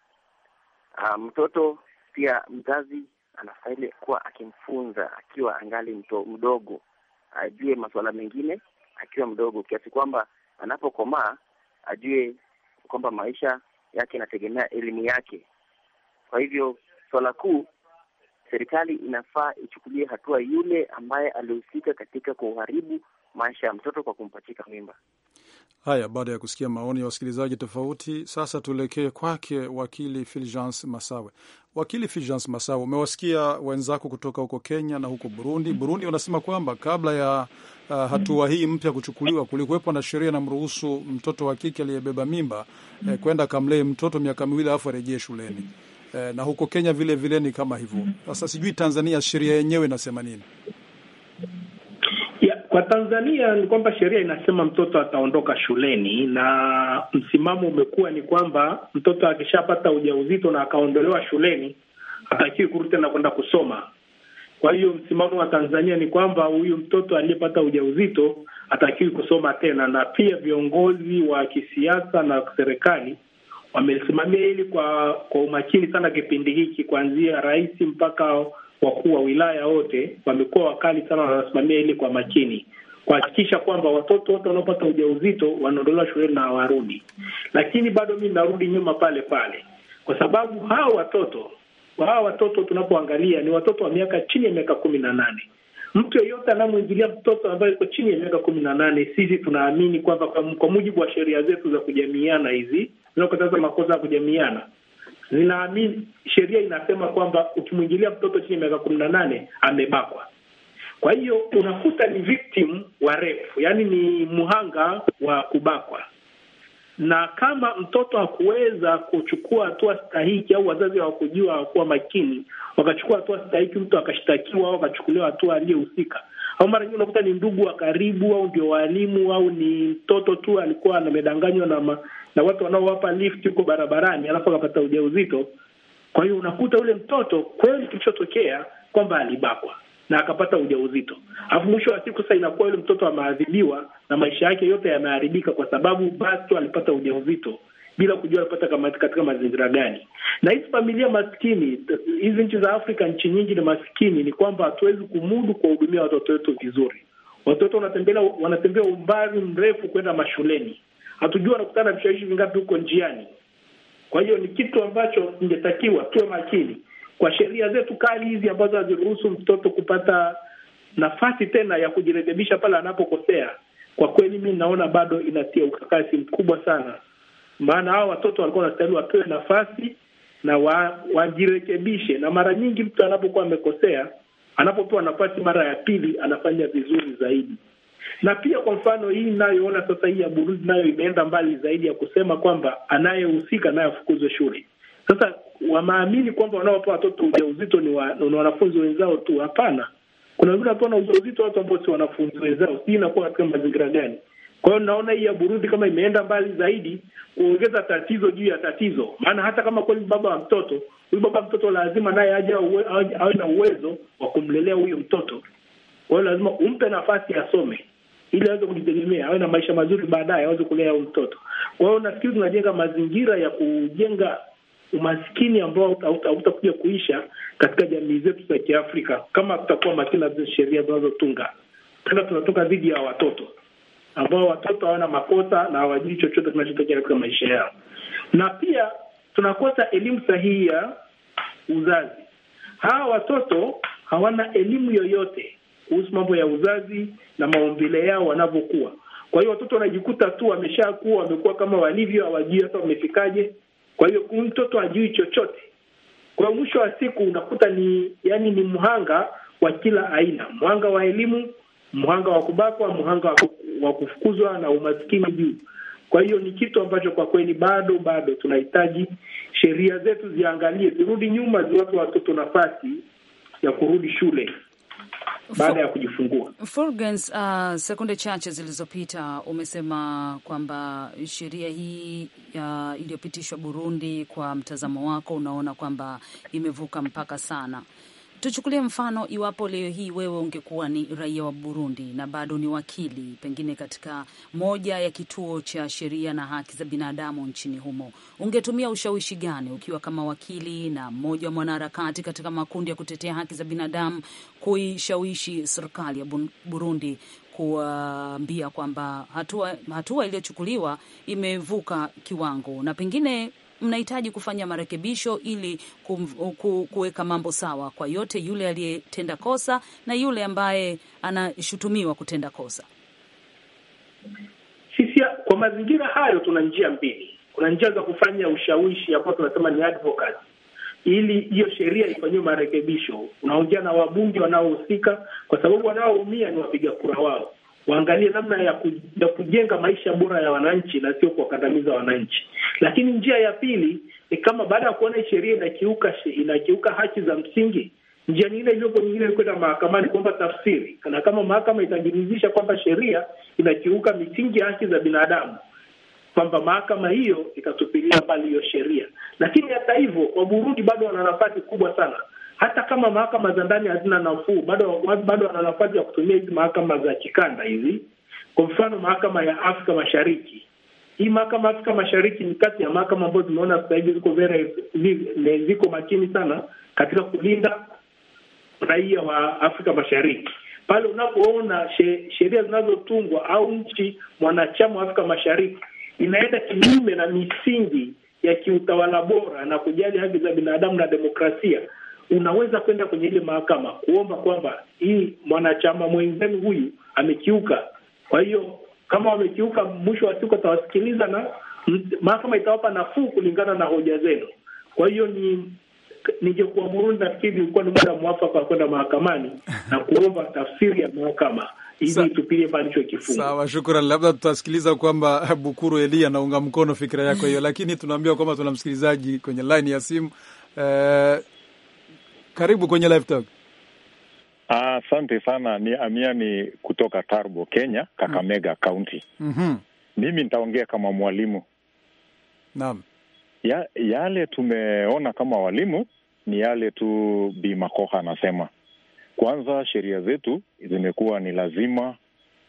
ah, mtoto pia mzazi anastahili kuwa akimfunza akiwa angali mto, mdogo ajue masuala mengine akiwa mdogo, kiasi kwamba anapokomaa ajue kwamba maisha yake inategemea elimu yake. Kwa hivyo swala kuu, serikali inafaa ichukulie hatua yule ambaye alihusika katika kuharibu maisha ya mtoto kwa kumpachika mimba. Haya, baada ya kusikia maoni ya wasikilizaji tofauti, sasa tuelekee kwake wakili Fulgence Masawe. Wakili Fulgence Masawe, umewasikia wenzako kutoka huko Kenya na huko Burundi. Burundi wanasema kwamba kabla ya uh, hatua hii mpya kuchukuliwa, kulikuwepo na sheria namruhusu mtoto wa kike aliyebeba mimba eh, kwenda kamlee mtoto miaka miwili alafu arejee shuleni eh, na huko Kenya vilevile vile ni kama hivyo. Sasa sijui Tanzania sheria yenyewe inasema nini? Kwa Tanzania ni kwamba sheria inasema mtoto ataondoka shuleni, na msimamo umekuwa ni kwamba mtoto akishapata ujauzito na akaondolewa shuleni hatakiwi kurudi tena kwenda kusoma. Kwa hiyo msimamo wa Tanzania ni kwamba huyu mtoto aliyepata ujauzito hatakiwi kusoma tena, na pia viongozi wa kisiasa na serikali wamesimamia hili kwa kwa umakini sana kipindi hiki, kuanzia rais mpaka wakuu wa wilaya wote wamekuwa wakali sana, wanasimamia ile kwa makini kuhakikisha kwamba watoto wote wanaopata ujauzito wanaondolewa shuleni na hawarudi. Lakini bado mi narudi nyuma pale pale, kwa sababu hawa watoto hawa watoto tunapoangalia ni watoto wa miaka chini ya miaka kumi na nane. Mtu yeyote anamwingilia mtoto ambaye yuko chini ya miaka kumi na nane, sisi tunaamini kwamba kwa mujibu wa sheria zetu za kujamiiana hizi zinazokataza makosa ya kujamiiana, ninaamini sheria inasema kwamba ukimwingilia mtoto chini ya miaka kumi na nane amebakwa. Kwa hiyo unakuta ni victim wa refu, yaani ni mhanga wa kubakwa, na kama mtoto hakuweza kuchukua hatua stahiki au wazazi hawakujua, hawakuwa makini, wakachukua hatua stahiki, mtu akashtakiwa au akachukuliwa hatua aliyehusika, au mara nyingi unakuta ni ndugu wa karibu au ndio walimu au ni mtoto tu alikuwa amedanganywa na, ma, na watu wanaowapa lift huko barabarani, alafu akapata ujauzito. Kwa hiyo unakuta yule mtoto kweli kilichotokea kwamba alibakwa na akapata ujauzito, alafu mwisho wa siku sasa inakuwa yule mtoto ameadhibiwa na maisha yake yote yameharibika, kwa sababu basi tu alipata ujauzito bila kujua anapata katika mazingira gani. Na hizi familia maskini, hizi nchi za Afrika, nchi nyingi ni maskini, ni kwamba hatuwezi kumudu kuwahudumia watoto wetu vizuri. Watoto wanatembea umbali mrefu kwenda mashuleni, hatujua wanakutana na vishawishi vingapi huko njiani. Kwa hiyo ni kitu ambacho ingetakiwa tuwe makini kwa sheria zetu kali hizi ambazo haziruhusu mtoto kupata nafasi tena ya kujirekebisha pale anapokosea. Kwa kweli, mi naona bado inatia ukakasi mkubwa sana maana hao watoto walikuwa wanastahili wapewe nafasi na wa, wajirekebishe. Na mara nyingi mtu anapokuwa amekosea, anapopewa nafasi mara ya pili anafanya vizuri zaidi. Na pia kwa mfano hii inayoona sasa hii ya Burundi nayo imeenda mbali zaidi ya kusema kwamba anayehusika naye afukuzwe shule. Sasa wamaamini kwamba wanaopa watoto ujauzito ni wa, wanafunzi wenzao tu. Hapana, kuna wengine wanapewa ujauzito watu ambao si wanafunzi wenzao. Hii inakuwa katika mazingira gani? Kwa hiyo naona hii ya Burundi kama imeenda mbali zaidi kuongeza tatizo juu ya tatizo, maana hata kama kweli baba wa mtoto huyu, baba wa mtoto lazima naye aje awe na uwezo wa kumlelea huyo mtoto. Kwa hiyo lazima umpe nafasi asome ili aweze kujitegemea, awe na maisha mazuri baadaye, aweze kulea huyo mtoto. Kwa hiyo nafikiri tunajenga mazingira ya kujenga umaskini ambao hautakuja kuisha katika jamii zetu za Kiafrika kama tutakuwa makini na sheria zinazotunga tena, tunatoka dhidi ya watoto ambao watoto hawana makosa na hawajui chochote kinachotokea katika maisha yao, na pia tunakosa elimu sahihi ya uzazi. Hawa watoto hawana elimu yoyote kuhusu mambo ya uzazi na maumbile yao wanavyokuwa. Kwa hiyo watoto wanajikuta tu wameshakuwa, wamekuwa kama walivyo, hawajui hata wamefikaje. Kwa hiyo mtoto hajui chochote. Kwa mwisho wa siku unakuta ni yani, ni mhanga wa kila aina, mhanga wa elimu, mhanga wa kubakwa, mhanga wa kufukuzwa na umaskini juu. Kwa hiyo ni kitu ambacho kwa kweli bado bado tunahitaji sheria zetu ziangalie, zirudi nyuma, ziwape watoto nafasi ya kurudi shule baada ya kujifungua. Fulgens, uh, sekunde chache zilizopita umesema kwamba sheria hii uh, iliyopitishwa Burundi, kwa mtazamo wako unaona kwamba imevuka mpaka sana Tuchukulie mfano, iwapo leo hii wewe ungekuwa ni raia wa Burundi na bado ni wakili pengine katika moja ya kituo cha sheria na haki za binadamu nchini humo, ungetumia ushawishi gani ukiwa kama wakili na mmoja wa mwanaharakati katika makundi ya kutetea haki za binadamu kuishawishi serikali ya Burundi kuambia kwamba hatua, hatua iliyochukuliwa imevuka kiwango na pengine mnahitaji kufanya marekebisho ili kuweka mambo sawa kwa yote yule aliyetenda kosa na yule ambaye anashutumiwa kutenda kosa? Sisi kwa mazingira hayo, tuna njia mbili. Kuna njia za kufanya ushawishi ambao tunasema ni advocacy ili hiyo sheria ifanyiwe marekebisho. Unaongea na wabunge wanaohusika, kwa sababu wanaoumia ni wapiga kura wao waangalie namna ya, ku, ya kujenga maisha bora ya wananchi na sio kuwakandamiza wananchi. Lakini njia ya pili ni kama baada ya kuona sheria inakiuka inakiuka haki za msingi, njia nyingine iliyopo nyingine ni kwenda mahakamani kuomba tafsiri, na kama mahakama itajiridhisha kwamba sheria inakiuka misingi ya haki za binadamu kwamba mahakama hiyo itatupilia mbali hiyo sheria. Lakini hata hivyo, Waburundi bado wana nafasi kubwa sana hata kama mahakama za ndani hazina nafuu, bado bado wana nafasi ya kutumia hizi mahakama za kikanda hizi. Kwa mfano mahakama ya Afrika Mashariki, hii mahakama Afrika Mashariki ni kati ya mahakama ambazo tumeona sasa hivi ziko very ziko makini sana katika kulinda raia wa Afrika Mashariki. Pale unapoona sheria zinazotungwa au nchi mwanachama wa Afrika Mashariki inaenda kinyume na misingi ya kiutawala bora na kujali haki za binadamu na demokrasia unaweza kwenda kwenye ile mahakama kuomba kwamba hii mwanachama mwenzenu huyu amekiuka. Kwa hiyo kama wamekiuka, mwisho wa siku atawasikiliza na mahakama itawapa nafuu kulingana na hoja zenu. Kwa hiyo ni ningekuwa Burundi, nafikiri ulikuwa ni muda mwafaka wa kwenda mahakamani na kuomba tafsiri ya mahakama ili Sawa, Labda tutasikiliza kwamba Bukuru Elia anaunga mkono fikira yako hiyo, lakini tunaambiwa kwamba tuna msikilizaji kwenye laini ya simu. Uh, karibu kwenye live talk. Asante ah, sana. Ni Amiani kutoka Tarbo, Kenya, Kakamega kaunti mm -hmm. Mimi nitaongea kama mwalimu. Naam, ya, yale tumeona kama walimu ni yale tu Bi Makoha anasema. Kwanza, sheria zetu zimekuwa ni lazima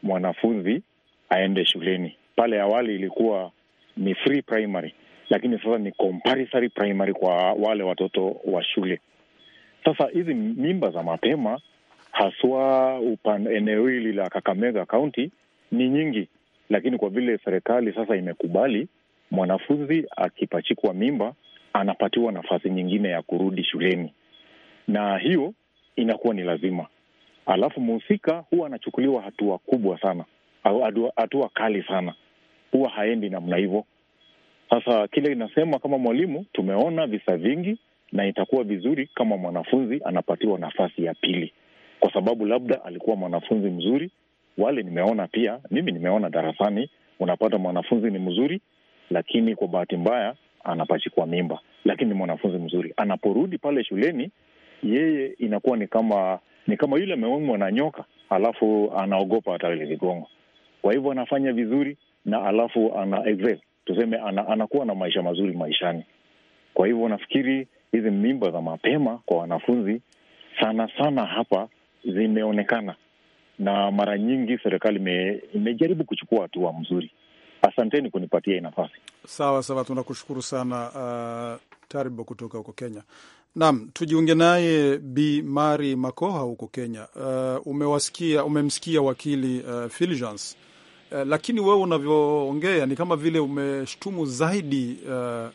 mwanafunzi aende shuleni. Pale awali ilikuwa ni free primary, lakini sasa ni compulsory primary kwa wale watoto wa shule. Sasa hizi mimba za mapema haswa upande eneo hili la Kakamega Kaunti ni nyingi, lakini kwa vile serikali sasa imekubali mwanafunzi akipachikwa mimba anapatiwa nafasi nyingine ya kurudi shuleni, na hiyo inakuwa ni lazima. Alafu mhusika huwa anachukuliwa hatua kubwa sana au hatua kali sana, huwa haendi namna hivyo. Sasa kile inasema kama mwalimu, tumeona visa vingi na itakuwa vizuri kama mwanafunzi anapatiwa nafasi ya pili, kwa sababu labda alikuwa mwanafunzi mzuri. Wale nimeona pia mimi nimeona darasani, unapata mwanafunzi ni mzuri, lakini kwa bahati mbaya anapachikwa mimba, lakini ni mwanafunzi mzuri. Anaporudi pale shuleni, yeye inakuwa ni kama ni kama yule ameumwa na nyoka, alafu anaogopa vigongo Kwa hivyo anafanya vizuri na alafu ana excel, tuseme ana, anakuwa na maisha mazuri maishani. Kwa hivyo nafikiri hizi mimba za mapema kwa wanafunzi sana sana hapa zimeonekana, na mara nyingi serikali imejaribu kuchukua hatua mzuri. Asanteni kunipatia hii nafasi. Sawa sawa, tunakushukuru sana uh, Taribo kutoka huko Kenya. Naam, tujiunge naye Bi Mari Makoha huko Kenya. Uh, umewasikia, umemsikia wakili uh, Filigence uh, lakini wewe unavyoongea ni kama vile umeshtumu zaidi uh,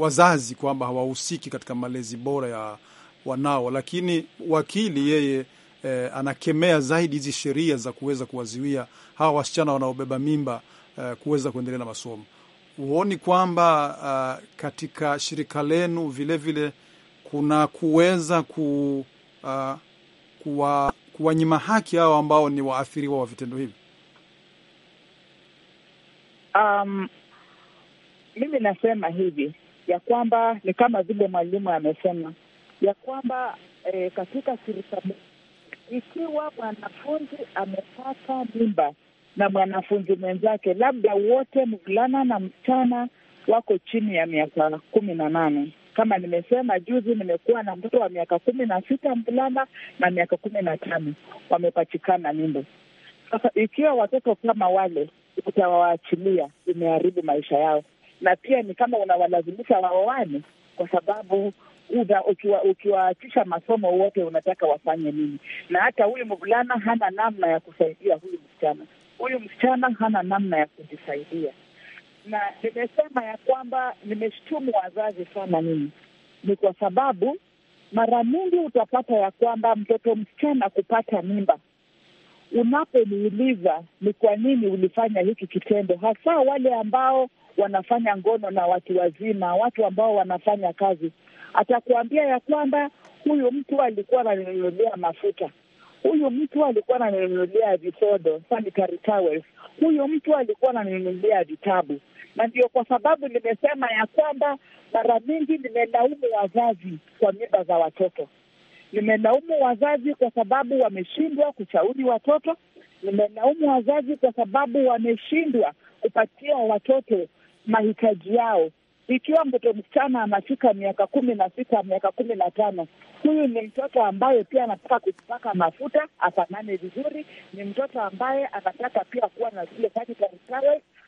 wazazi kwamba hawahusiki katika malezi bora ya wanao, lakini wakili yeye eh, anakemea zaidi hizi sheria za kuweza kuwazuia hawa wasichana wanaobeba mimba eh, kuweza kuendelea na masomo. Huoni kwamba uh, katika shirika lenu vilevile vile, kuna kuweza ku, uh, kuwa, kuwanyima haki hao ambao ni waathiriwa wa vitendo hivi? Um, mimi nasema hivi ya kwamba ni kama vile mwalimu amesema ya kwamba e, katika serikali ikiwa mwanafunzi amepata mimba na mwanafunzi mwenzake, labda wote mvulana na msichana wako chini ya miaka kumi na nane. Kama nimesema juzi, nimekuwa na mtoto wa miaka kumi na sita mvulana na miaka kumi na tano wamepatikana mimba. Sasa ikiwa watoto kama wale utawaachilia, imeharibu maisha yao na pia ni kama unawalazimisha waoane, kwa sababu ukiwaachisha masomo wote unataka wafanye nini? Na hata huyu mvulana hana namna ya kusaidia huyu msichana, huyu msichana hana namna ya kujisaidia. Na nimesema ya kwamba nimeshtumu wazazi sana, nini ni kwa sababu mara mingi utapata ya kwamba mtoto msichana kupata mimba unapomuuliza ni kwa nini ulifanya hiki kitendo, hasa wale ambao wanafanya ngono na watu wazima, watu ambao wanafanya kazi, atakuambia ya kwamba huyu mtu alikuwa ananunulia mafuta, huyu mtu alikuwa ananunulia visodo sanitary towels, huyu mtu alikuwa ananunulia vitabu. Na ndio kwa sababu nimesema ya kwamba mara mingi nimelaumu wazazi kwa mimba za watoto nimelaumu wazazi kwa sababu wameshindwa kushauri watoto. nimelaumu wazazi kwa sababu wameshindwa kupatia watoto mahitaji yao. Ikiwa mtoto msichana anafika miaka kumi na sita, miaka kumi na tano, huyu ni mtoto ambaye pia anataka kujipaka mafuta afanane vizuri. Ni mtoto ambaye anataka pia kuwa na zile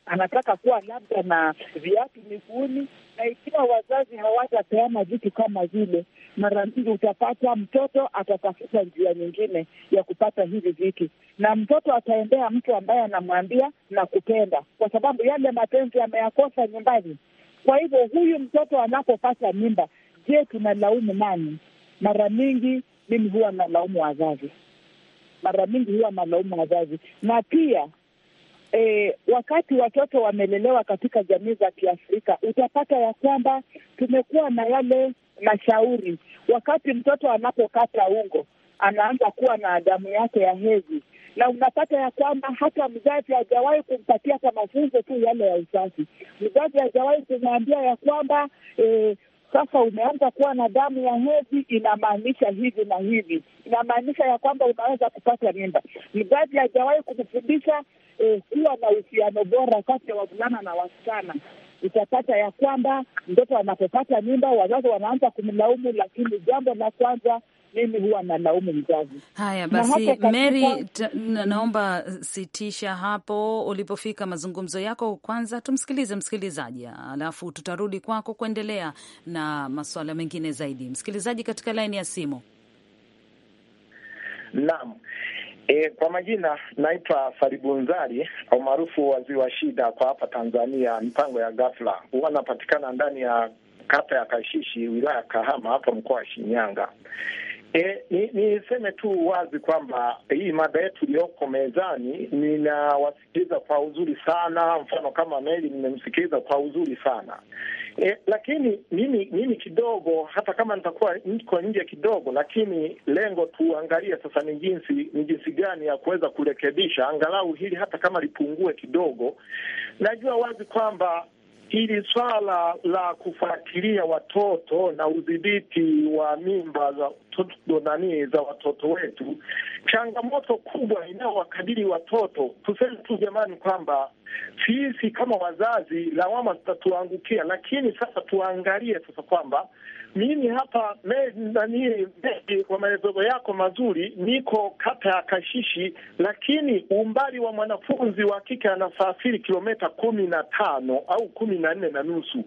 anataka kuwa labda na viatu miguuni, na ikiwa wazazi hawatapeana vitu kama vile mara nyingi utapata mtoto atatafuta njia nyingine ya kupata hivi vitu, na mtoto ataendea mtu ambaye anamwambia na kupenda, kwa sababu yale mapenzi ameyakosa nyumbani. Kwa hivyo huyu mtoto anapopata mimba, je, tunalaumu nani? Mara nyingi mimi huwa nalaumu wazazi, mara nyingi huwa nalaumu wazazi na pia E, wakati watoto wamelelewa katika jamii za Kiafrika utapata ya kwamba tumekuwa na yale mashauri. Wakati mtoto anapokata ungo, anaanza kuwa na damu yake ya hedhi, na unapata ya kwamba hata mzazi hajawahi kumpatia hata mafunzo tu yale ya usafi. Mzazi hajawahi kumwambia ya kwamba eh, sasa umeanza kuwa na damu ya hedhi, inamaanisha hivi na hivi, inamaanisha ya kwamba unaweza kupata mimba. Mzazi hajawahi kumfundisha eh, kuwa na uhusiano bora kati ya wavulana na wasichana utapata ya kwamba mtoto anapopata mimba wazazi wanaanza kumlaumu, lakini jambo la kwanza mimi huwa nalaumu mzazi. Haya basi, na Mary na, naomba sitisha hapo ulipofika mazungumzo yako. Kwanza tumsikilize msikilizaji, alafu tutarudi kwako kuendelea na masuala mengine zaidi. Msikilizaji katika laini ya simu. Naam, E, kwa majina naitwa Faribunzari au maarufu waziri wa shida kwa hapa Tanzania, mipango ya ghafla. Huwa napatikana ndani ya kata ya Kashishi, wilaya ya Kahama, hapa mkoa wa Shinyanga. E, niseme ni tu wazi kwamba hii mada yetu iliyoko mezani ninawasikiliza kwa uzuri sana, mfano kama Meli nimemsikiliza kwa uzuri sana e, lakini mimi mimi kidogo, hata kama nitakuwa niko nje kidogo, lakini lengo tuangalie sasa ni jinsi ni jinsi gani ya kuweza kurekebisha angalau hili hata kama lipungue kidogo. Najua wazi kwamba hili swala la kufuatilia watoto na udhibiti wa mimba za watoto nani za watoto wetu, changamoto kubwa inayowakabili watoto, tuseme tu jamani, kwamba sisi kama wazazi lawama zitatuangukia, lakini sasa tuangalie sasa kwamba mimi hapa me, kwa maelezo yako mazuri, niko kata ya Kashishi, lakini umbali wa mwanafunzi wa kike anasafiri kilomita kumi na tano au kumi na nne na nusu.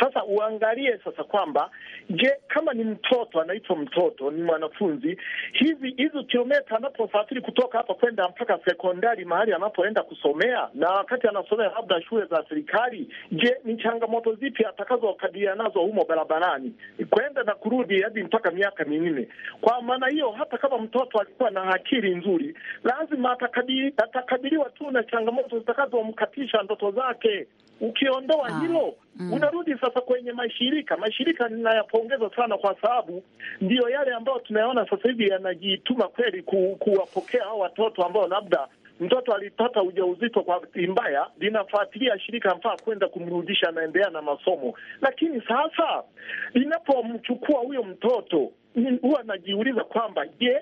Sasa uangalie sasa kwamba je, kama ni mtoto anaitwa mtoto, ni mwanafunzi, hivi hizo kilomita anaposafiri kutoka hapa kwenda mpaka sekondari mahali anapoenda kusomea na wakati anasomea labda shule za serikali, je, ni changamoto zipi atakazokabiliana nazo humo barabarani kwenda na kurudi hadi mpaka miaka minne? Kwa maana hiyo, hata kama mtoto alikuwa na akili nzuri, lazima atakabili, atakabiliwa tu na changamoto zitakazomkatisha ndoto zake. Ukiondoa ah, hilo mm, unarudi sasa kwenye mashirika. Mashirika ninayapongeza sana, kwa sababu ndiyo yale ambayo tunayaona sasa hivi yanajituma kweli kuwapokea hao watoto ambao labda mtoto alipata ujauzito kwa bahati mbaya, linafuatilia shirika mfaa kwenda kumrudisha, anaendelea na masomo. Lakini sasa linapomchukua huyo mtoto, huwa anajiuliza kwamba je,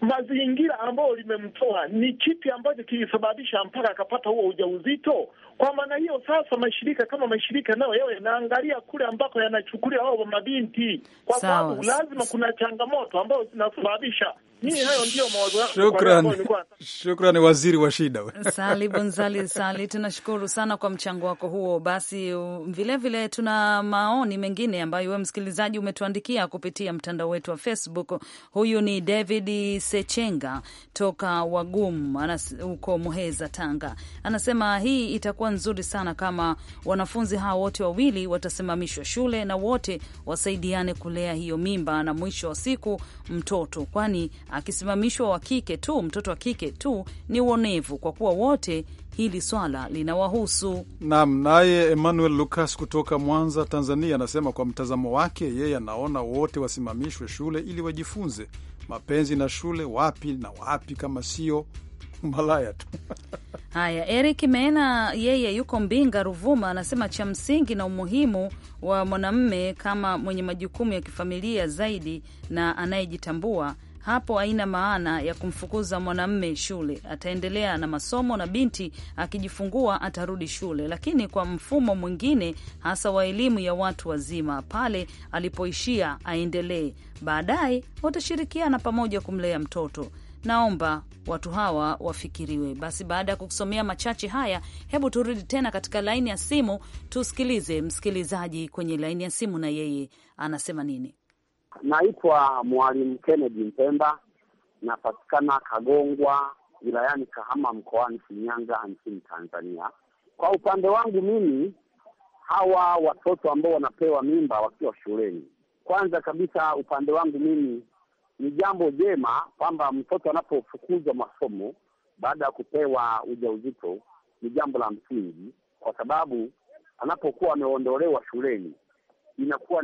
mazingira ambayo limemtoa ni kipi ambacho kilisababisha mpaka akapata huo ujauzito? Kwa maana hiyo sasa, mashirika kama mashirika nayo yawe yanaangalia kule ambako yanachukulia wao mabinti, kwa sababu lazima kuna changamoto ambayo zinasababisha Shukran, waziri wa shida Sali Bunzali Sali, tunashukuru sana kwa mchango wako huo. Basi vilevile vile, tuna maoni mengine ambayo we msikilizaji umetuandikia kupitia mtandao wetu wa Facebook. Huyu ni David Sechenga toka Wagum huko Muheza, Tanga, anasema hii itakuwa nzuri sana kama wanafunzi hawa wote wawili watasimamishwa shule na wote wasaidiane kulea hiyo mimba na mwisho wa siku mtoto, kwani akisimamishwa wa kike tu, mtoto wa kike tu, ni uonevu kwa kuwa wote hili swala linawahusu. Naam. Naye Emmanuel Lucas kutoka Mwanza, Tanzania, anasema kwa mtazamo wake yeye anaona wote wasimamishwe shule ili wajifunze mapenzi na shule, wapi na wapi kama sio malaya tu. Haya, Eric Meena yeye yuko Mbinga, Ruvuma, anasema cha msingi na umuhimu wa mwanamme kama mwenye majukumu ya kifamilia zaidi na anayejitambua hapo haina maana ya kumfukuza mwanamme shule. Ataendelea na masomo na binti akijifungua atarudi shule, lakini kwa mfumo mwingine, hasa wa elimu ya watu wazima, pale alipoishia aendelee. Baadaye watashirikiana pamoja kumlea mtoto. Naomba watu hawa wafikiriwe. Basi baada ya kukusomea machache haya, hebu turudi tena katika laini ya simu, tusikilize msikilizaji kwenye laini ya simu, na yeye anasema nini. Naitwa Mwalimu Kennedy Mpemba, napatikana Kagongwa wilayani Kahama mkoani Shinyanga nchini Tanzania. Kwa upande wangu mimi, hawa watoto ambao wanapewa mimba wakiwa shuleni, kwanza kabisa upande wangu mimi ni jambo jema kwamba mtoto anapofukuzwa masomo baada ya kupewa ujauzito ni jambo la msingi, kwa sababu anapokuwa ameondolewa shuleni inakuwa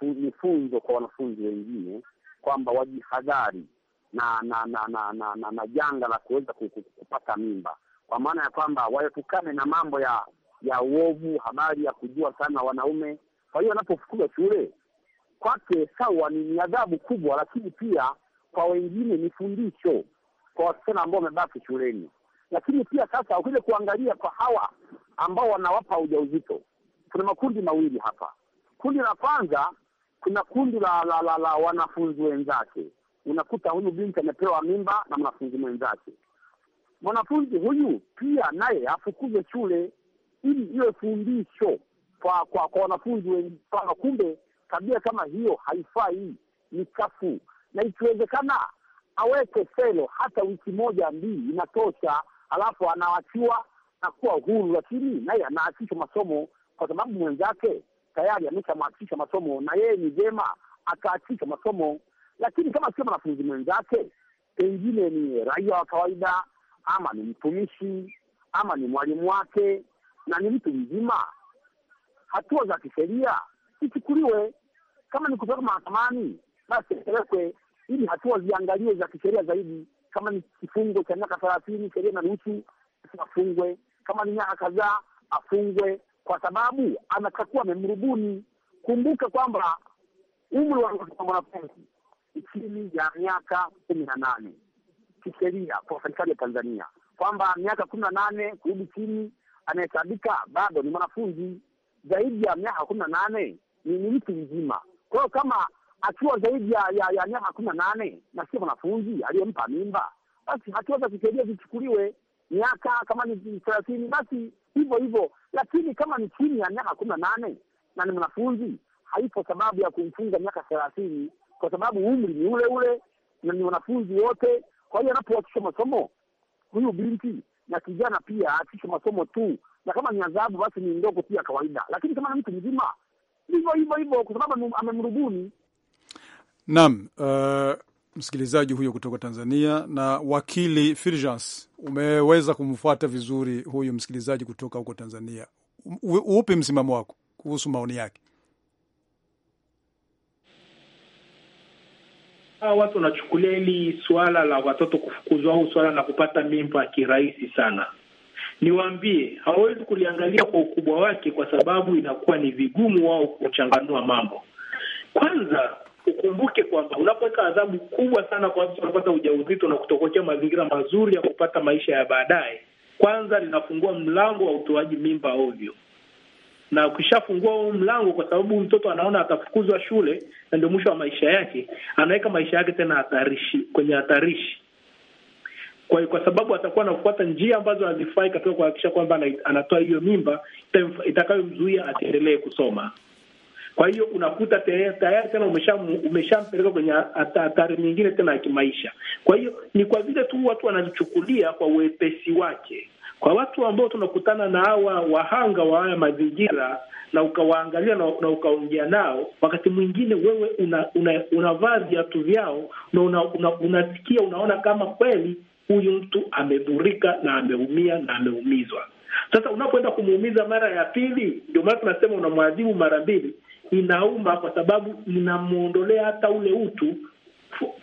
ni funzo kwa wanafunzi wengine kwamba wajihadhari na na na na, na, na, na janga la kuweza kupata mimba, kwa maana ya kwamba waepukane na mambo ya ya uovu, habari ya kujua sana wanaume. Kwa hiyo anapofukuzwa shule, kwake sawa, ni adhabu kubwa, lakini pia kwa wengine ni fundisho kwa wasichana ambao wamebaki shuleni. Lakini pia sasa ukija kuangalia kwa hawa ambao wanawapa ujauzito, kuna makundi mawili hapa. Kundi la kwanza, kuna kundi la, la, la, la wanafunzi wenzake. Unakuta huyu binti amepewa mimba na mwanafunzi mwenzake. Mwanafunzi huyu pia naye afukuze shule, ili hiyo fundisho kwa kwa, kwa wanafunzi wengi kumbe tabia kama hiyo haifai, ni chafu, na ikiwezekana aweke selo hata wiki moja mbili inatosha, alafu anaachiwa na kuwa huru, lakini naye anaachishwa masomo kwa sababu mwenzake tayari ameshamwachisha masomo, na yeye ni vyema akaachisha masomo, lakini kama sio mwanafunzi mwenzake, pengine ni raia wa kawaida, ama ni mtumishi, ama ni mwalimu wake, na ni mtu mzima, hatua za kisheria zichukuliwe. Kama ni kupeleka mahakamani, basi apelekwe ili hatua ziangaliwe za kisheria zaidi. Kama ni kifungo cha miaka thelathini sheria inaruhusu afungwe, kama ni miaka kadhaa afungwe kwa sababu anatakuwa amemrubuni. Kumbuka kwamba umri wa mwanafunzi chini ya miaka kumi na nane kisheria kwa serikali ya Tanzania kwamba miaka kumi na nane kurudi chini anahesabika bado ni mwanafunzi. Zaidi ya miaka kumi na nane ni mtu mzima. Kwa hiyo kama akiwa zaidi ya ya, ya miaka kumi na nane na sio mwanafunzi aliyempa mimba, basi hatua za kisheria zichukuliwe. Miaka kama ni thelathini, basi hivyo hivyo, lakini kama ni chini ya miaka kumi na nane na ni mwanafunzi, haipo sababu ya kumfunga miaka thelathini kwa sababu umri ni ule ule na ni wanafunzi wote. Kwa hiyo anapoachisha masomo huyu binti na kijana pia aachishe masomo tu, na kama ni adhabu basi ni ndogo pia kawaida, lakini kama ni mtu mzima hivyo hivyo hivyo, kwa sababu amemrubuni. Naam. Uh, msikilizaji huyo kutoka Tanzania na wakili Firjans, umeweza kumfuata vizuri huyu msikilizaji kutoka huko Tanzania. Upi msimamo wako kuhusu maoni yake? Hawa watu wanachukulia hili suala la watoto kufukuzwa au suala la kupata mimba kirahisi sana. Niwaambie, hawawezi kuliangalia kwa ukubwa wake, kwa sababu inakuwa ni vigumu wao kuchanganua mambo. Kwanza ukumbuke kwamba unapoweka adhabu kubwa sana kwa watu wanapata ujauzito na kutokokea mazingira mazuri ya kupata maisha ya baadaye, kwanza linafungua mlango wa utoaji mimba ovyo, na ukishafungua huo mlango, kwa sababu mtoto anaona atafukuzwa shule na ndio mwisho wa maisha yake, anaweka maisha yake tena hatarishi, kwenye hatarishi kwa, kwa sababu atakuwa anafuata njia ambazo hazifai katika kuhakikisha kwamba anatoa hiyo mimba itakayomzuia asiendelee kusoma. Kwa hiyo unakuta tayari tena umeshampeleka umesha kwenye hatari nyingine tena ya kimaisha. Kwa hiyo ni kwa vile tu watu wanavichukulia kwa uwepesi wake. Kwa watu ambao tunakutana na hawa wahanga wa haya mazingira na ukawaangalia na, na ukaongea nao, wakati mwingine wewe unavaa una, una viatu vyao na unasikia una, una unaona kama kweli huyu mtu amedhurika na ameumia na ameumizwa. Sasa unapoenda kumuumiza mara ya pili, ndio maana tunasema unamwadhibu mara mbili inauma kwa sababu inamwondolea hata ule utu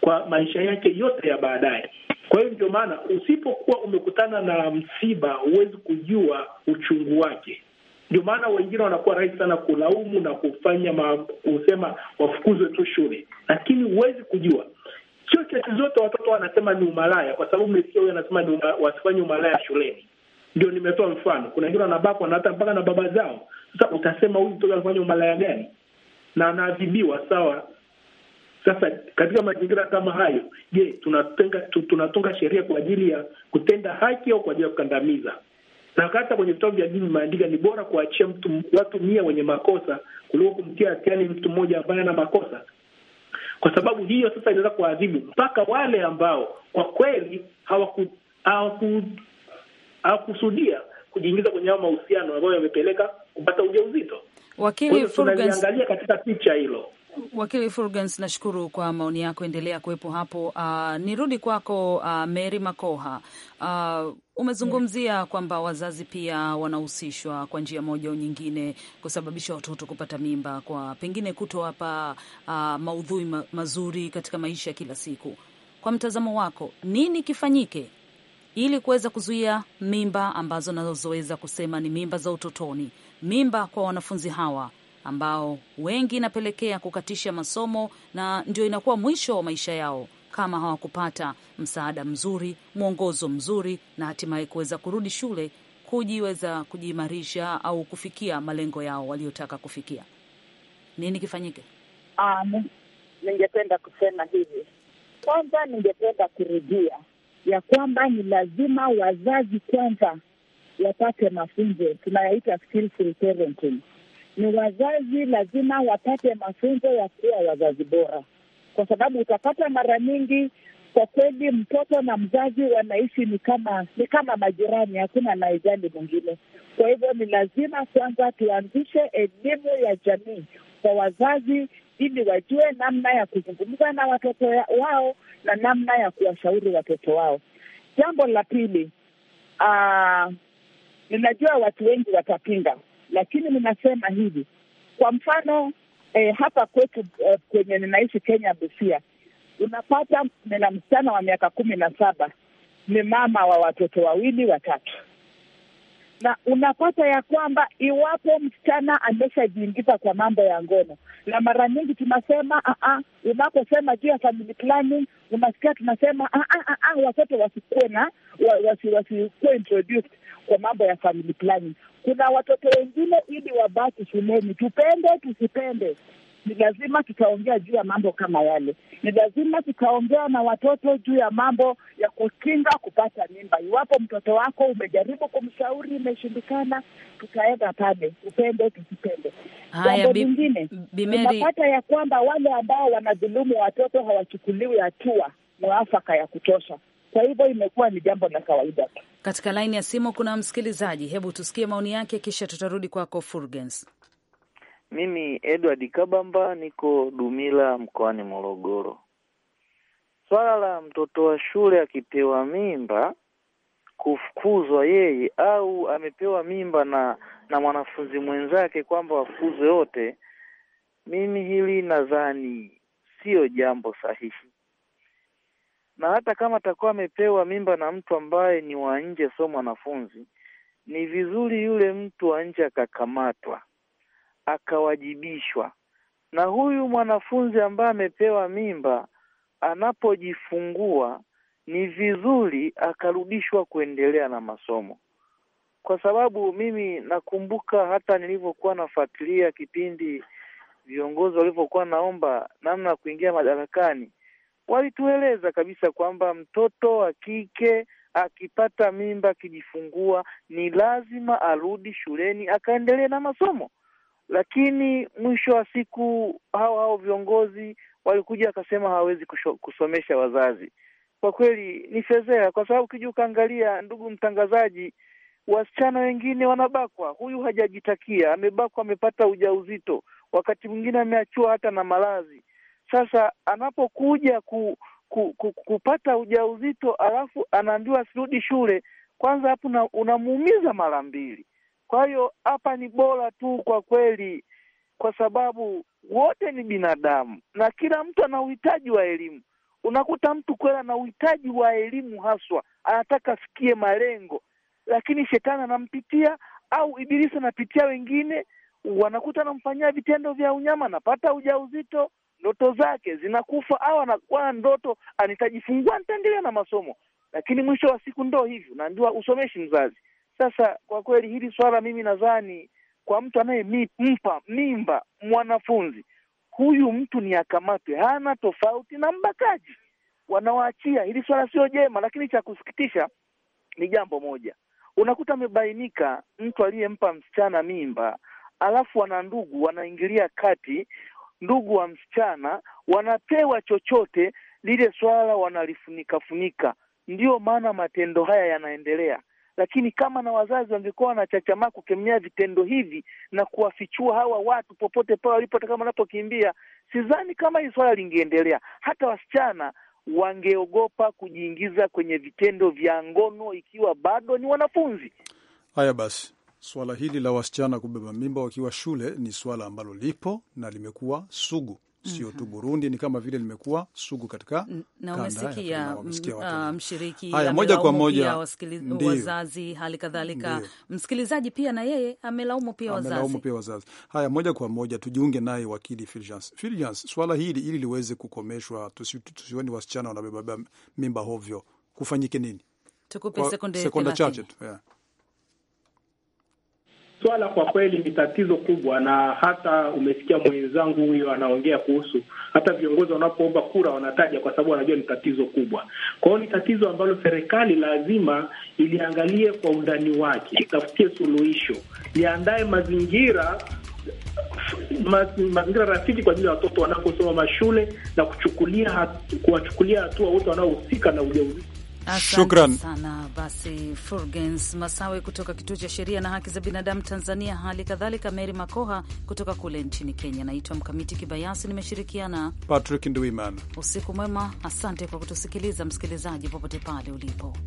kwa maisha yake yote ya baadaye. Kwa hiyo ndio maana usipokuwa umekutana na msiba huwezi kujua uchungu wake. Ndio maana wengine wanakuwa rahisi sana kulaumu na kufanya ma, kusema wafukuzwe tu shule, lakini huwezi kujua. Sio kesi zote watoto wanasema ni umalaya, kwa sababu mlisikia huyo anasema ni wasifanye umalaya shuleni. Ndio nimetoa mfano, kuna wengine wanabakwa na hata mpaka na baba zao, sasa utasema huyu mtoto anafanya umalaya gani? Na anaadhibiwa sawa. Sasa katika mazingira kama hayo, je, tunatenga tunatunga sheria kwa ajili ya kutenda haki au kwa ajili ya kukandamiza? Na hata kwenye vitabu vya dini maandika ni bora kuachia mtu watu mia wenye makosa kuliko kumtia hatiani mtu mmoja ambaye ana makosa, kwa sababu hiyo sasa inaweza kuadhibu mpaka wale ambao kwa kweli hawaku- hawakusudia kujiingiza kwenye hao mahusiano ambayo yamepeleka kupata ujauzito. Wakili angalia katika picha hilo. Wakili Fulgens, nashukuru kwa maoni yako, endelea kuwepo hapo. Uh, nirudi kwako uh, Mary Makoha. Uh, umezungumzia kwamba wazazi pia wanahusishwa kwa njia moja au nyingine kusababisha watoto kupata mimba kwa pengine kutowapa uh, maudhui ma mazuri katika maisha ya kila siku. Kwa mtazamo wako, nini kifanyike ili kuweza kuzuia mimba ambazo nazoweza kusema ni mimba za utotoni mimba kwa wanafunzi hawa ambao wengi inapelekea kukatisha masomo na ndio inakuwa mwisho wa maisha yao kama hawakupata msaada mzuri, mwongozo mzuri, na hatimaye kuweza kurudi shule kujiweza kujiimarisha au kufikia malengo yao waliotaka kufikia. Nini kifanyike? Um, ningependa kusema hivi. Kwanza ningependa kurudia ya kwamba ni lazima wazazi kwanza wapate mafunzo tunayaita skillful parenting. Ni wazazi lazima wapate mafunzo ya kuwa wazazi bora, kwa sababu utapata mara nyingi kwa kweli mtoto na mzazi wanaishi ni kama ni kama majirani, hakuna naijali mwingine. Kwa hivyo ni lazima kwanza tuanzishe elimu ya jamii kwa wazazi, ili wajue namna ya kuzungumza na watoto wao na namna ya kuwashauri watoto wao. Jambo la pili, Ninajua watu wengi watapinga, lakini ninasema hivi. Kwa mfano eh, hapa kwetu eh, kwenye ninaishi Kenya, Busia, unapata nina msichana wa miaka kumi na saba, ni mama wa watoto wawili watatu na unapata ya kwamba iwapo msichana ameshajiingiza kwa mambo ya ngono, na mara nyingi tunasema ah, ah, unaposema juu ya family planning, unasikia tunasema ah, watoto wasikuwe na wasikuwe introduced kwa mambo ya family planning. Kuna watoto wengine ili wabaki shuleni, tupende tusipende ni lazima tutaongea juu ya mambo kama yale. Ni lazima tutaongea na watoto juu ya mambo ya kukinga kupata mimba. Iwapo mtoto wako umejaribu kumshauri, imeshindikana, tutaenda pale, tupende tusipende. Jambo lingine tunapata ya kwamba wale ambao wanadhulumu watoto hawachukuliwi hatua mwafaka ya kutosha. Kwa hivyo imekuwa ni jambo la kawaida. Katika laini ya simu kuna msikilizaji, hebu tusikie maoni yake, kisha tutarudi kwako Furgens. Mimi Edward Kabamba niko Dumila mkoani Morogoro. Swala la mtoto wa shule akipewa mimba kufukuzwa yeye au amepewa mimba na na mwanafunzi mwenzake kwamba wafukuzwe wote, mimi hili nadhani siyo jambo sahihi, na hata kama atakuwa amepewa mimba na mtu ambaye ni wa nje, sio mwanafunzi, ni vizuri yule mtu wa nje akakamatwa akawajibishwa. Na huyu mwanafunzi ambaye amepewa mimba anapojifungua ni vizuri akarudishwa kuendelea na masomo, kwa sababu mimi nakumbuka hata nilivyokuwa nafuatilia kipindi viongozi walivyokuwa naomba namna ya kuingia madarakani, walitueleza kabisa kwamba mtoto wa kike akipata mimba akijifungua, ni lazima arudi shuleni akaendelee na masomo lakini mwisho wa siku hao hao viongozi walikuja wakasema hawawezi kusomesha wazazi. Kwa kweli ni fedheha, kwa sababu kija ukaangalia, ndugu mtangazaji, wasichana wengine wanabakwa, huyu hajajitakia, amebakwa, amepata ujauzito, wakati mwingine ameachua hata na malazi. Sasa anapokuja ku, ku, ku, kupata ujauzito alafu anaambiwa asirudi shule, kwanza hapo unamuumiza mara mbili. Kwa hiyo hapa ni bora tu kwa kweli, kwa sababu wote ni binadamu na kila mtu ana uhitaji wa elimu. Unakuta mtu kweli ana uhitaji wa elimu haswa, anataka afikie malengo, lakini shetani anampitia au Ibilisi anapitia wengine, wanakuta anamfanyia vitendo vya unyama, anapata ujauzito, ndoto zake zinakufa, au anakuwa na ndoto anitajifungua, nitaendelea na masomo, lakini mwisho wa siku ndo hivyo, naambiwa usomeshi mzazi sasa kwa kweli hili swala mimi nadhani kwa mtu anayempa mimba mwanafunzi huyu mtu ni akamatwe, hana tofauti na mbakaji, wanawaachia. Hili swala sio jema, lakini cha kusikitisha ni jambo moja, unakuta amebainika mtu aliyempa msichana mimba, alafu wana ndugu wanaingilia kati, ndugu wa msichana wanapewa chochote, lile swala wanalifunikafunika Ndiyo maana matendo haya yanaendelea. Lakini kama na wazazi wangekuwa wanachachamaa kukemea vitendo hivi na kuwafichua hawa watu popote pale walipo, hata kama wanapokimbia, sidhani kama hili swala lingeendelea. Hata wasichana wangeogopa kujiingiza kwenye vitendo vya ngono ikiwa bado ni wanafunzi. Haya basi, swala hili la wasichana kubeba mimba wakiwa shule ni swala ambalo lipo na limekuwa sugu sio tu mhm. Burundi, ni kama vile limekuwa sugu katika na umesikia ah, mshiriki moja kwa moja wazazi, hali kadhalika msikilizaji pia na yeye amelaumu pia wazazi, amelaumu pia wazazi. Haya, moja kwa moja tujiunge naye wakili swala hili ili liweze kukomeshwa, tusioni wasichana wanabeba mimba hovyo, kufanyike nini? Tukupe sekunde chache tu yeah swala kwa kweli ni tatizo kubwa, na hata umesikia mwenzangu huyo anaongea kuhusu hata viongozi wanapoomba kura wanataja, kwa sababu wanajua ni tatizo kubwa. Kwa hiyo ni tatizo ambalo serikali lazima iliangalie kwa undani wake, itafutie suluhisho, liandae mazingira mazingira rafiki kwa ajili ya watoto wanaposoma mashule na kuchukulia kuwachukulia hatua wote wanaohusika na ujauzito Shukran sana basi, Furgens Masawe kutoka kituo cha sheria na haki za binadamu Tanzania, hali kadhalika Mary Makoha kutoka kule nchini Kenya. Naitwa Mkamiti Kibayasi, nimeshirikiana Patrick Ndwiman. Usiku mwema, asante kwa kutusikiliza msikilizaji, popote pale ulipo.